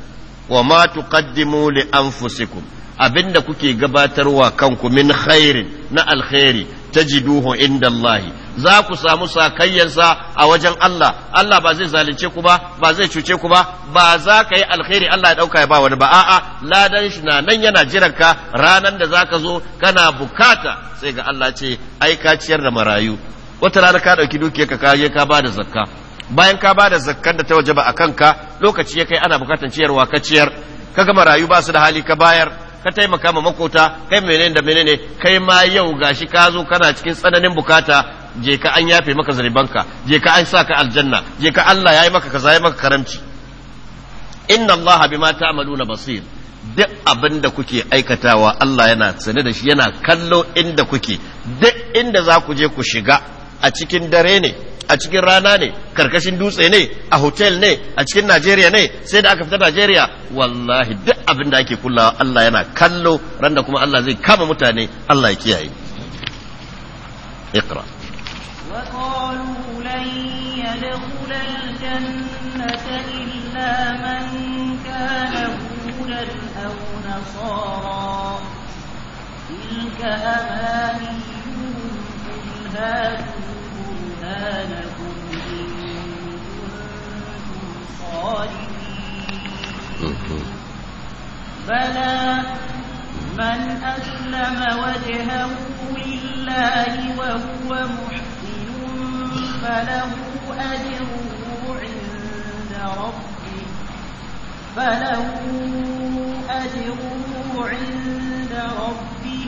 wa ma tuqaddimu li anfusikum abinda kuke gabatarwa kanku min khairin na alkhairi tajiduhu inda Allah za ku samu sakayyansa a wajen Allah Allah ba zai zalunce ku ba ba zai cuce ku ba ba za ka yi alkhairi Allah ya ɗauka ya ba wani ba a'a ladan shi na nan yana jiran ka ranan da zaka zo kana bukata sai ga Allah ce ai ka ciyar da marayu wata rana ka ɗauki dukiyarka ka kaje ka bada zakka bayan ka ba da zakkan da ta wajaba a kanka lokaci ya kai ana bukatan ciyarwa ka ciyar ka ga marayu ba su da hali ka bayar ka taimaka ma makota kai menene da menene kai ma yau gashi ka zo kana cikin tsananin bukata je ka an yafe maka zaribanka je ka an sa ka aljanna je ka Allah yi maka kaza yayi maka karamci inna Allah bima ta'maluna basir duk abinda kuke aikatawa Allah yana sane da shi yana kallo inda kuke duk inda za ku je ku shiga a cikin dare ne a cikin rana ne karkashin dutse ne a hotel ne a cikin najeriya ne sai da aka fita najeriya wallahi duk abin da ake kullawa allah yana kallo ran da kuma allah zai kama mutane allah ya kiyaye Iqra. إيمانكم بلى من أسلم وجهه لله وهو محسن فله أجره عند ربه فله أجره عند ربه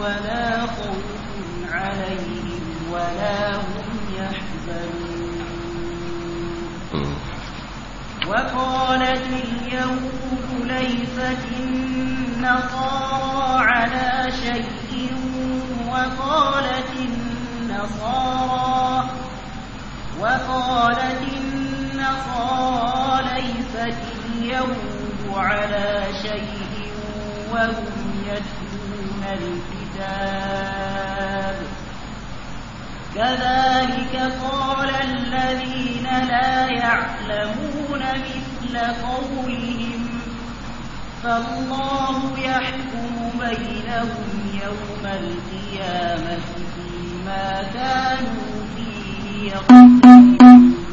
ولا خوف عليهم ولا هم وقالت اليهود ليست النصارى على شيء وقالت النصارى وقالت النصارى ليست اليهود على شيء وهم يتلون الكتاب كذلك قال الذين لا يعلمون مثل قولهم فالله يحكم بينهم يوم القيامة فيما كانوا فيه يختلفون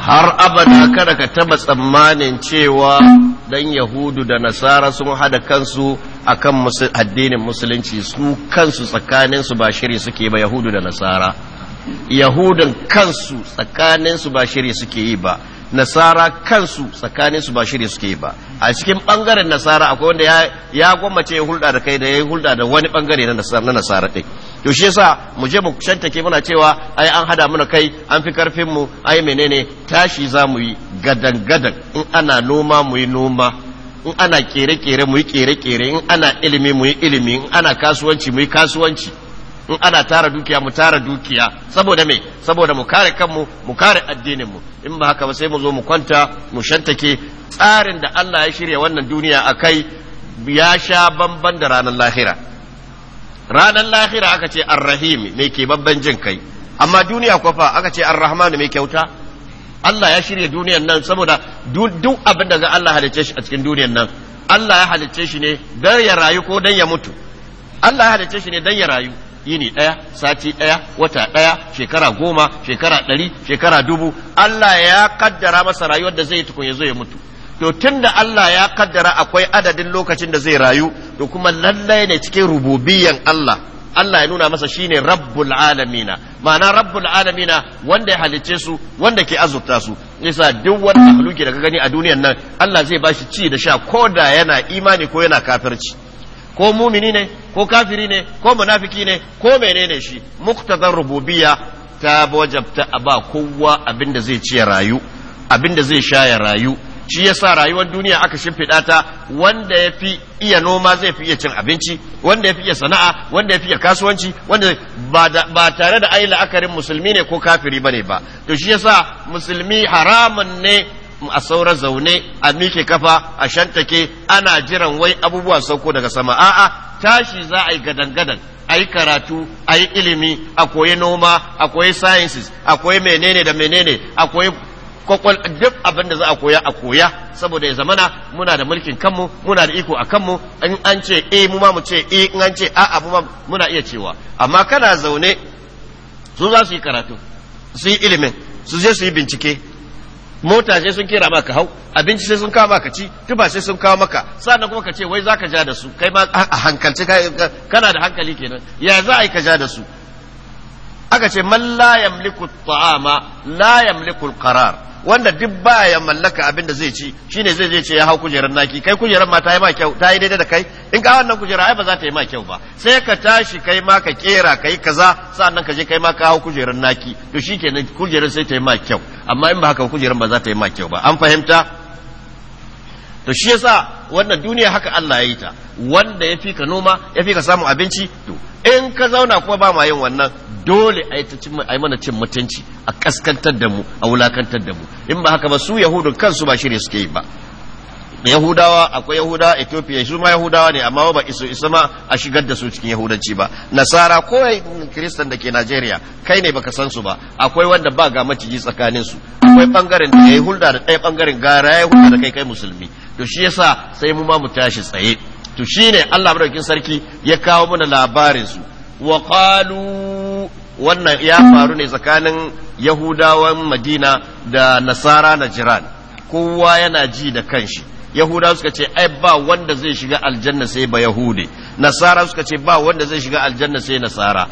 har abada kada ka taba tsammanin cewa dan yahudu da nasara sun hada kansu akan addinin musulunci su kansu tsakaninsu ba shiri suke ba yahudu da nasara yahudun kansu tsakaninsu ba shiri suke yi ba nasara kansu tsakaninsu ba shiri suke yi ba a cikin bangaren nasara akwai wanda ya ya hulɗa da kai da ya hulɗa da wani bangare na nasara ɗin to shi yasa mu je mu shantake muna cewa ai an hada muna kai an fi karfin mu ai menene tashi za mu yi gadan gadan in ana noma mu yi noma in ana kere kere mu yi kere kere in ana ilimi mu yi ilimi in ana kasuwanci mu yi kasuwanci in ana tara dukiya mu tara dukiya saboda me saboda mu kare kanmu mu kare addinin mu in ba haka ba sai mu zo mu kwanta mu shantake tsarin da Allah ya shirya wannan duniya akai ya sha bamban da ranar lahira ranar lahira aka ce arrahim mai ke babban jin kai amma duniya kwafa aka ce arrahman mai kyauta Allah ya shirya duniyan nan saboda duk abin da ga Allah halicce shi a cikin duniyan nan Allah ya halicce shi ne dan ya rayu ko dan ya mutu Allah ya halicce shi ne dan ya rayu yini daya, sati daya, wata daya, shekara goma shekara ɗari shekara dubu Allah ya kaddara masa rayuwar da zai tukun ya zo ya mutu to tunda Allah ya kaddara akwai adadin lokacin da zai rayu to kuma lallai ne cikin rububiyan Allah Allah ya nuna masa shine rabbul alamina ma'ana rabbul alamina wanda ya halicce su wanda ke azurta su yasa duk wani makhluki da ka gani a duniyan nan Allah zai bashi ci da sha ko da yana imani ko yana kafirci ko mumini ne ko kafiri ne ko munafiki ne ko menene shi muktazar rububiyya ta wajabta a ba kowa abin zai ci ya rayu abin zai sha ya rayu shi ya sa rayuwar duniya aka shimfiɗa ta wanda ya fi iya noma zai fi iya cin abinci wanda ya fi iya sana'a wanda ya fi iya kasuwanci wanda ba tare da ayi la'akarin musulmi ne ko kafiri bane ba to shi ya sa musulmi haramun ne a saura zaune a mike kafa a shantake ana jiran wai abubuwa sauko daga sama a'a tashi za a yi gadan-gadan a yi karatu a yi ilimi a koyi noma a koyi sciences a koyi menene da menene a koyi kwakwal duk abin da za a koya a koya saboda ya zamana muna da mulkin kanmu muna da iko a kanmu in an ce eh mu ma mu ce eh in an ce a'a mu muna iya cewa amma kana zaune su za su yi karatu su yi ilimin su je su yi bincike mota sai sun kera maka hau abinci sai sun kawo maka ci tuba sai sun kawo maka sannan kuma ka ce wai zaka ja da su kai ma a hankalci kana da hankali kenan ya za a yi ka ja da su aka ce man la yamliku ta'ama la yamliku qarar wanda duk baya mallaka abin da zai ci shine zai je ce ya hau kujerar naki kai kujerar ma ta yi ma kyau ta yi daidai da kai in ka wannan kujera ai ba za ta yi ma kyau ba sai ka tashi kai ma ka kera kai kaza sannan ka je kai ma ka hau kujerar naki to shikenan kujerar sai ta yi ma kyau amma in ba haka kujerar ba za ta yi ma kyau ba an fahimta to shi yasa wannan duniya haka Allah ya yi ta wanda ya fi ka noma ya fi ka samun abinci to in ka zauna kuma ba ma yin wannan dole a yi mana cin mutunci a kaskantar da mu a wulakantar da mu in ba haka ba su yahudun kansu ba shirya suke yi ba yahudawa akwai yahudawa ethiopia su ma yahudawa ne amma ba isu isa ma a shigar da su cikin yahudanci ba nasara ko kristan da ke Najeriya kai ne baka san su ba akwai wanda ba ga maciji tsakanin su akwai bangaren da ya hulda da ɗaya bangaren gara ya hulda da kai kai musulmi to shi yasa sai mu ma mu tashi tsaye to shine Allah madaukakin sarki ya kawo mana labarin su wa qalu wannan ya faru ne tsakanin yahudawan madina da nasara na jiran kowa yana ji da kanshi yahudawa suka ce ai ba wanda zai shiga aljanna sai ba yahude nasara suka ce ba wanda zai shiga aljanna sai nasara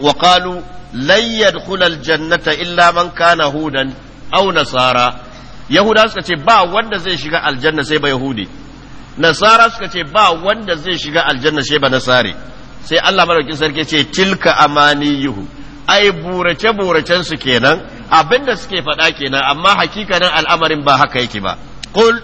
wa qalu lan yadkhul aljannata illa man kana hudan aw nasara yahudawa suka ce ba wanda zai shiga aljanna sai ba yahude nasara suka ce ba wanda zai shiga aljanna sai ba nasare sai Allah madauki sarki ce tilka amaniyuhu ai burace buracen su kenan abinda suke faɗa kenan amma hakikanin al'amarin ba haka yake ba qul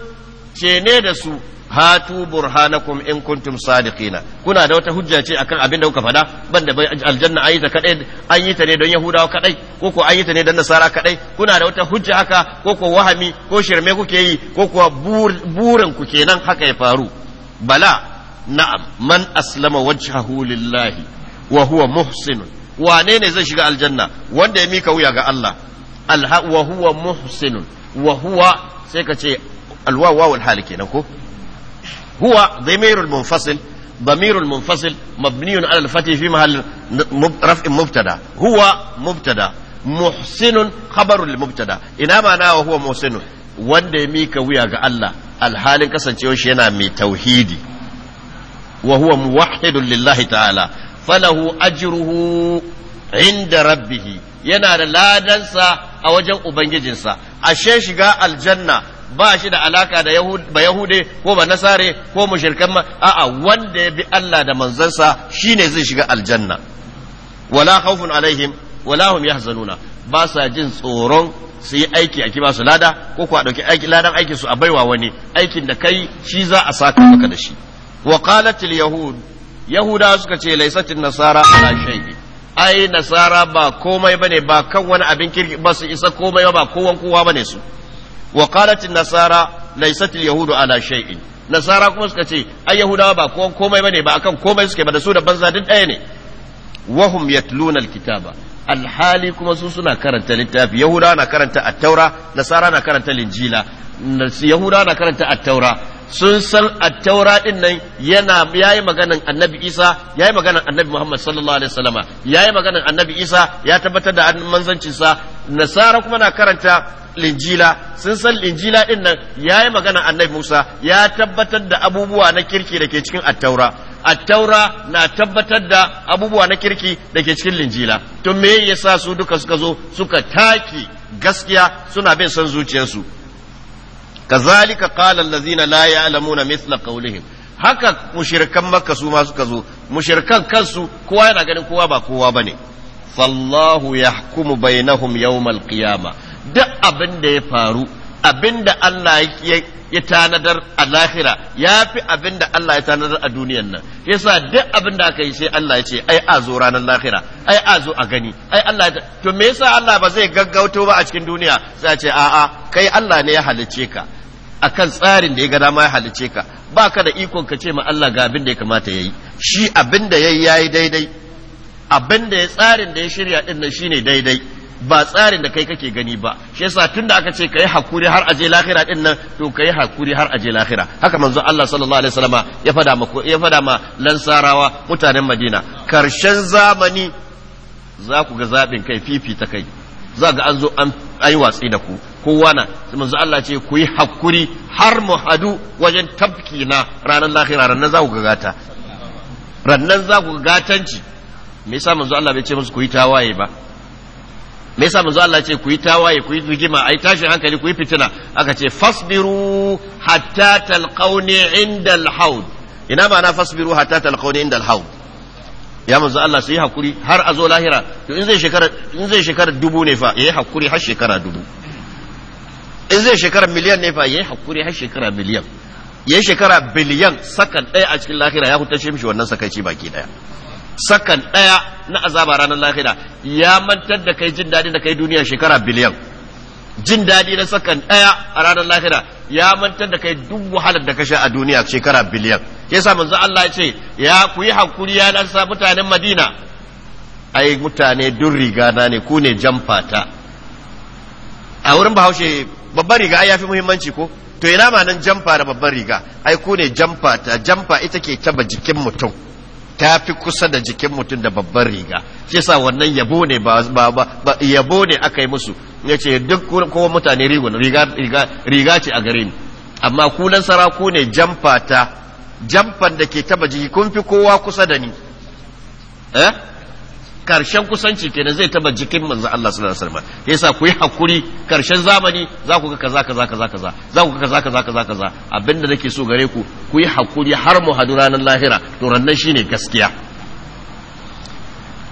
ce ne da su hatu burhanakum in kuntum sadiqina kuna da wata hujja ce akan abin da kuka faɗa banda bai aljanna yi ta kadai an yi ta ne don yahudawa kadai ko ko an yi ta ne don nasara kadai kuna da wata hujja haka ko ko wahami ko shirme kuke yi ko ko burin ku kenan haka ya faru bala na'am man aslama wajhahu lillahi wa huwa muhsinun wane ne zai shiga aljanna wanda ya mika wuya ga Allah wa huwa muhsinun wa huwa sai ka ce alwawa wal hali ko هو ضمير المنفصل ضمير المنفصل مبني على الفتح في محل رفع مبتدا هو مبتدا محسن خبر ina mana wa huwa wanda ya mika wuya ga Allah alhalin kasancewar shi yana mai tauhidi wa huwa muwahhidun lillahi ta'ala falahu ajruhu inda rabbih yana da ladansa a wajen ubangijinsa ashe shiga aljanna ba shi da alaka da ba yahude ko ba nasare ko mushirkan ma a'a wanda ya bi Allah da manzansa shine zai shiga aljanna wala khawfun alaihim wala hum yahzanuna ba sa jin tsoron su yi aiki a kiba su lada ko ku a dauki aiki ladan aikin su a baiwa wani aikin da kai shi za a saka maka da shi wa qalat al yahud yahuda suka ce laisatin nasara ala shay'in ai nasara ba komai bane ba kan wani abin kirki ba su isa komai ba kowan kowa bane su wa nasara laysat yahudu ala shay'in nasara kuma suka ce ai yahudawa ba komai bane ba akan komai suke ba da su da banza duk ɗaya ne wahum yatluna alhali kuma su suna karanta littafi yahudawa na karanta at nasara na karanta linjila yahudawa na karanta attaura. sun san a taura din nan yana yayi maganan annabi isa yayi maganan annabi muhammad sallallahu alaihi wasallama yayi maganan annabi isa ya tabbatar da manzancin sa nasara kuma na karanta linjila sun san linjila din nan yayi maganan annabi musa ya tabbatar da abubuwa na kirki da ke cikin attaura attaura na tabbatar da abubuwa na kirki da ke cikin linjila tun me yasa su duka suka zo suka taki gaskiya suna bin son zuciyarsu kazalika qala allazina la ya'lamuna mithla qawlihim haka mushrikan makka su ma suka zo mushrikan kansu kowa yana ganin kowa ba kowa bane fallahu yahkumu bainahum yawmal qiyama duk abin da ya faru abin da Allah ya tanadar a lahira ya fi abin da Allah ya tanadar a duniyan nan yasa duk abin da aka yi sai Allah ya ce ai a zo ranar lahira ai a zo a gani ai Allah ya to me yasa Allah ba zai gaggauto ba a cikin duniya sai a ce a'a kai Allah ne ya halicce ka akan tsarin da ya ga dama ya halice ka ba ka da ikon ka ce ma Allah ga abin da ya kamata ya yi shi abin da ya yi ya yi daidai abin da ya tsarin da ya shirya din nan ne daidai ba tsarin da kai kake gani ba shi yasa tun da aka ce ka yi hakuri har aje lahira din nan to yi hakuri har aje lahira haka manzo Allah sallallahu alaihi wasallama ya fada ma ya fada ma lansarawa mutanen Madina karshen zamani za ku ga zabin kai fifita kai za ga an zo an yi watsi da ku kowa na sai manzo Allah ce ku yi hakuri har mu hadu wajen tabki na ranar lahira ranar za ku gata ranar za ku gatanci me yasa manzo Allah bai ce musu ku yi tawaye ba me yasa manzo Allah ce ku yi tawaye ku yi rigima ai tashin hankali ku yi fitina aka ce fasbiru hatta talqauni inda alhaud ina ma na fasbiru hatta talqauni inda alhaud ya manzo Allah su yi hakuri har a zo lahira to in zai shekara in zai shekara dubu ne fa yayi hakuri har shekara dubu in zai shekara miliyan ne fa yayi hakuri har shekara miliyan yayi shekara biliyan sakan ɗaya a cikin lahira ya hutace mishi wannan sakaici baki daya sakan ɗaya na azaba ranar lahira ya mantar da kai jin daɗi da kai duniya shekara biliyan jin daɗi na sakan ɗaya a ranar lahira ya mantar da kai duk wahalar da ka sha a duniya shekara biliyan yasa manzo Allah ya ce ya ku yi hakuri ya sa mutanen Madina ai mutane dun riga na ne ku ne jamfata a wurin bahaushe babbar riga ai yafi muhimmanci ko to ina ma nan jamfa da babbar riga ai ku ne jamfa ta jamfa ita ke taba jikin mutum ta fi kusa da jikin mutum da babbar riga shi yasa wannan yabo ne ba ba yabo ne aka yi musu yace duk kowa mutane riga riga ce a gare ni amma ku nan saraku ne jamfa ta jamfan da ke taba jiki kun fi kowa kusa da ni eh karshen kusanci kenan zai taba jikin manzo Allah sallallahu alaihi wasallam yasa ku yi hakuri karshen zamani za ku kaza kaza kaza kaza za ku kaza kaza kaza kaza abinda nake so gare ku ku yi hakuri har mu hadu ranar lahira to rannan shine gaskiya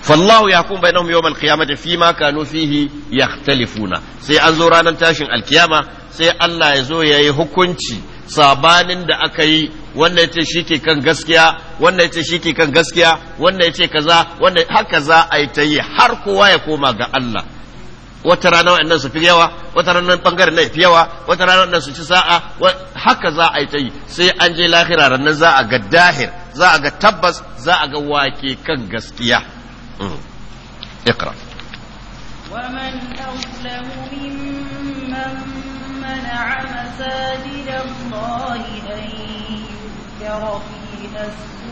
fallahu ya yahkum bainahum yawm fi fima kanu fihi yakhtalifuna sai an zo ranar tashin alkiyama sai Allah ya zo yayi hukunci sabanin da aka yi wannan yace shi ke kan gaskiya wannan yace shi ke kan gaskiya wannan yace kaza wannan haka za a yi ta yi har kowa ya koma ga Allah wata rana wa'annan su fi yawa wata rana bangaren na fi yawa wata rana wa'annan su ci sa'a haka za a yi ta yi sai an je lahira rannan za a ga dahir za a ga tabbas za a ga wake kan gaskiya اقرأ mm. ومن أظلم ممن منع مساجد الله أن ذكر في نفسه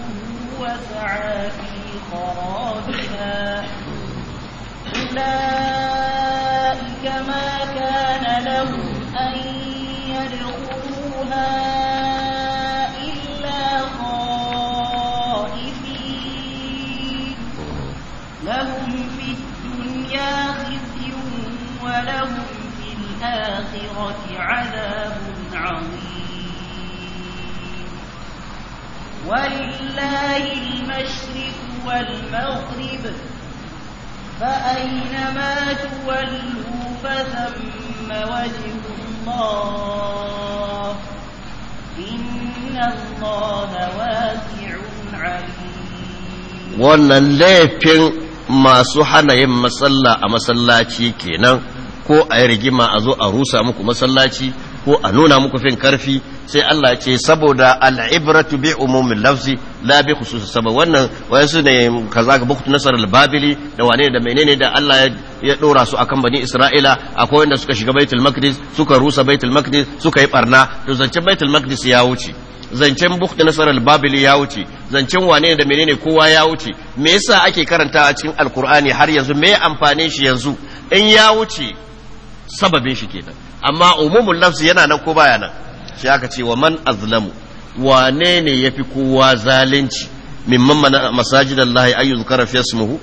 وسعى في خرابها أولئك ما كان لهم أن يدخلوها إلا خائفين لهم في الدنيا خزي ولهم في الآخرة عذاب ولله المشرق والمغرب فأينما تولوا فثم وجه الله إن الله واسع wannan laifin masu hana yin masalla a masallaci kenan ko a yi rigima a zo a rusa muku masallaci ko a nuna muku fin karfi sai Allah ce saboda al'ibratu bi umumin lafzi la bi khusus saboda wannan su ne kaza ga bukutu nasar al-babili da wane da menene da Allah ya dora su akan bani Isra'ila akwai wanda suka shiga baitul maqdis suka rusa baitul maqdis suka yi barna to zancen baitul maqdis ya wuce zancen bukutu nasar al-babili ya wuce zancen wane da menene kowa ya wuce me yasa ake karanta a cikin alkur'ani har yanzu me amfane shi yanzu in ya wuce sababin shi kenan amma umumul lafzi yana nan ko baya nan shi aka ce wa man azlamu wane ne fi kowa zalunci mimman mana masajidallahi ayyu zukara fi ismuhu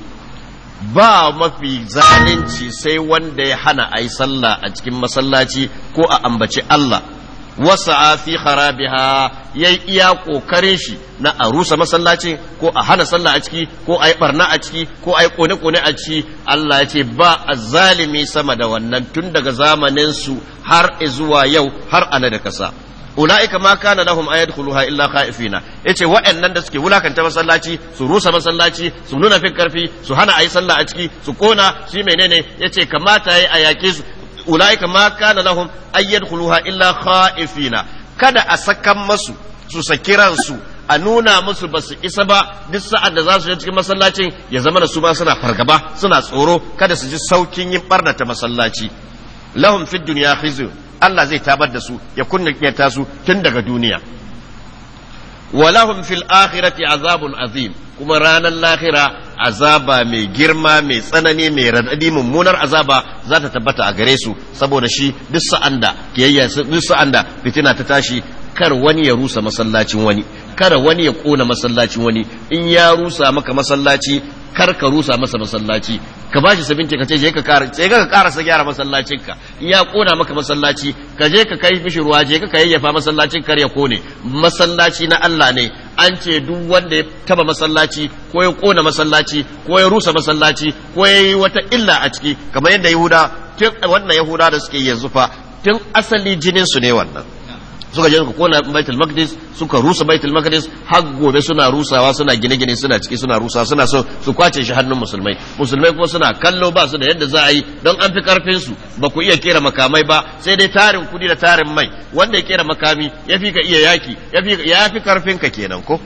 ba mafi zalunci sai wanda ya hana a yi sallah a cikin masallaci ko a ambaci Allah wasa fi harabiha ya yi iya ƙoƙarin shi na a rusa masallacin ko a hana sallah a ciki ko a yi barna a ciki ko a yi ƙone-ƙone a ciki Allah ya ce ba a zalimi sama da wannan tun daga zamaninsu har zuwa yau har ana da kasa. ulaika ma kana lahum ayad khuluha illa khaifina yace waɗannan da suke wulakanta masallaci su rusa masallaci su nuna fin karfi su hana ayi sallah a ciki su kona shi menene yace kamata yayi a yake su ulaika ma kana lahum ayad khuluha illa khaifina kada a sakan masu su saki ransu a nuna musu basu isa ba duk sa'ad da za su je cikin masallacin ya zama da su ba suna fargaba suna tsoro kada su ji saukin yin barnata masallaci lahum fid dunya khizyu Allah zai tabar da su ya kunna kunyata su tun daga duniya walahum fil akhirati azabun azim kuma ranar lahira azaba mai girma mai tsanani mai radadi mummunar azaba za ta tabbata a gare su saboda shi duk sa'an da kiyayya duk sa'an da fitina ta tashi kar wani ya rusa masallacin wani kar wani ya kona masallacin wani in ya rusa maka masallaci kar ka rusa masa masallaci ka bashi sabin ka ce je ka kara sai ka karasa gyara masallacin ka ya kona maka masallaci ka je ka kai mishi ruwa je ka yayyafa masallacin kar ya kone masallaci na Allah ne an ce duk wanda ya taba masallaci ko ya kona masallaci ko ya rusa masallaci ko ya yi wata illa a ciki kamar yadda Yahuda tun wannan Yahuda da suke yanzu fa tun asali jinin su ne wannan suka je suka kona baitul maqdis suka rusa baitul maqdis har gobe suna rusawa suna gine-gine suna ciki suna rusa suna so su kwace shi hannun musulmai musulmai kuma suna kallo ba su da yadda za a yi don an fi karfin su ba ku iya kera makamai ba sai dai tarin kudi da tarin mai wanda ya kera makami ya fi ka iya yaki ya fi karfin ka kenan ko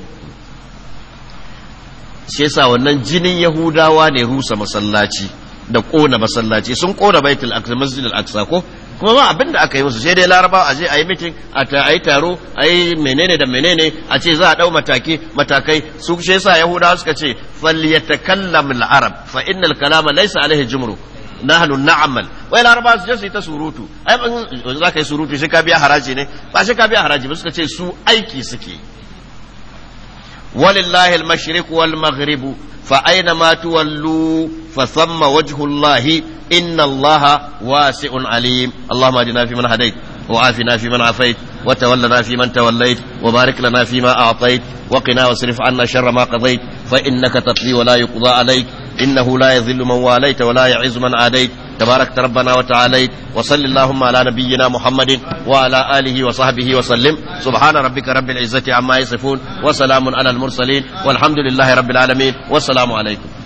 shi yasa wannan jinin yahudawa ne rusa masallaci da kona masallaci sun kona baitul aqsa masjidul aqsa ko kuma ba abin da aka yi musu sai dai laraba a je a yi mitin a ta yi taro a yi menene da menene a ce za a dau mataki matakai su shi yasa yahudawa suka ce falyatakallam kallam arab fa innal kalama laysa alaihi jumru nahnu na'mal wai laraba su je su yi ta surutu ai za ka yi surutu shi ka biya haraji ne ba shi ka biya haraji ba suka ce su aiki suke yi walillahi al-mashriq wal maghrib fa aina ma tuwallu fa thamma wajhu Allah inna Allah wasi'un alim Allahumma ajina fi man hadait وعافنا في من عافيت وتولنا في من توليت وبارك لنا فيما أعطيت وقنا واصرف عنا شر ما قضيت فإنك تقضي ولا يقضى عليك إنه لا يذل من واليت ولا يعز من عاديت تبارك ربنا وتعالى وصل اللهم على نبينا محمد وعلى آله وصحبه وسلم سبحان ربك رب العزة عما يصفون وسلام على المرسلين والحمد لله رب العالمين والسلام عليكم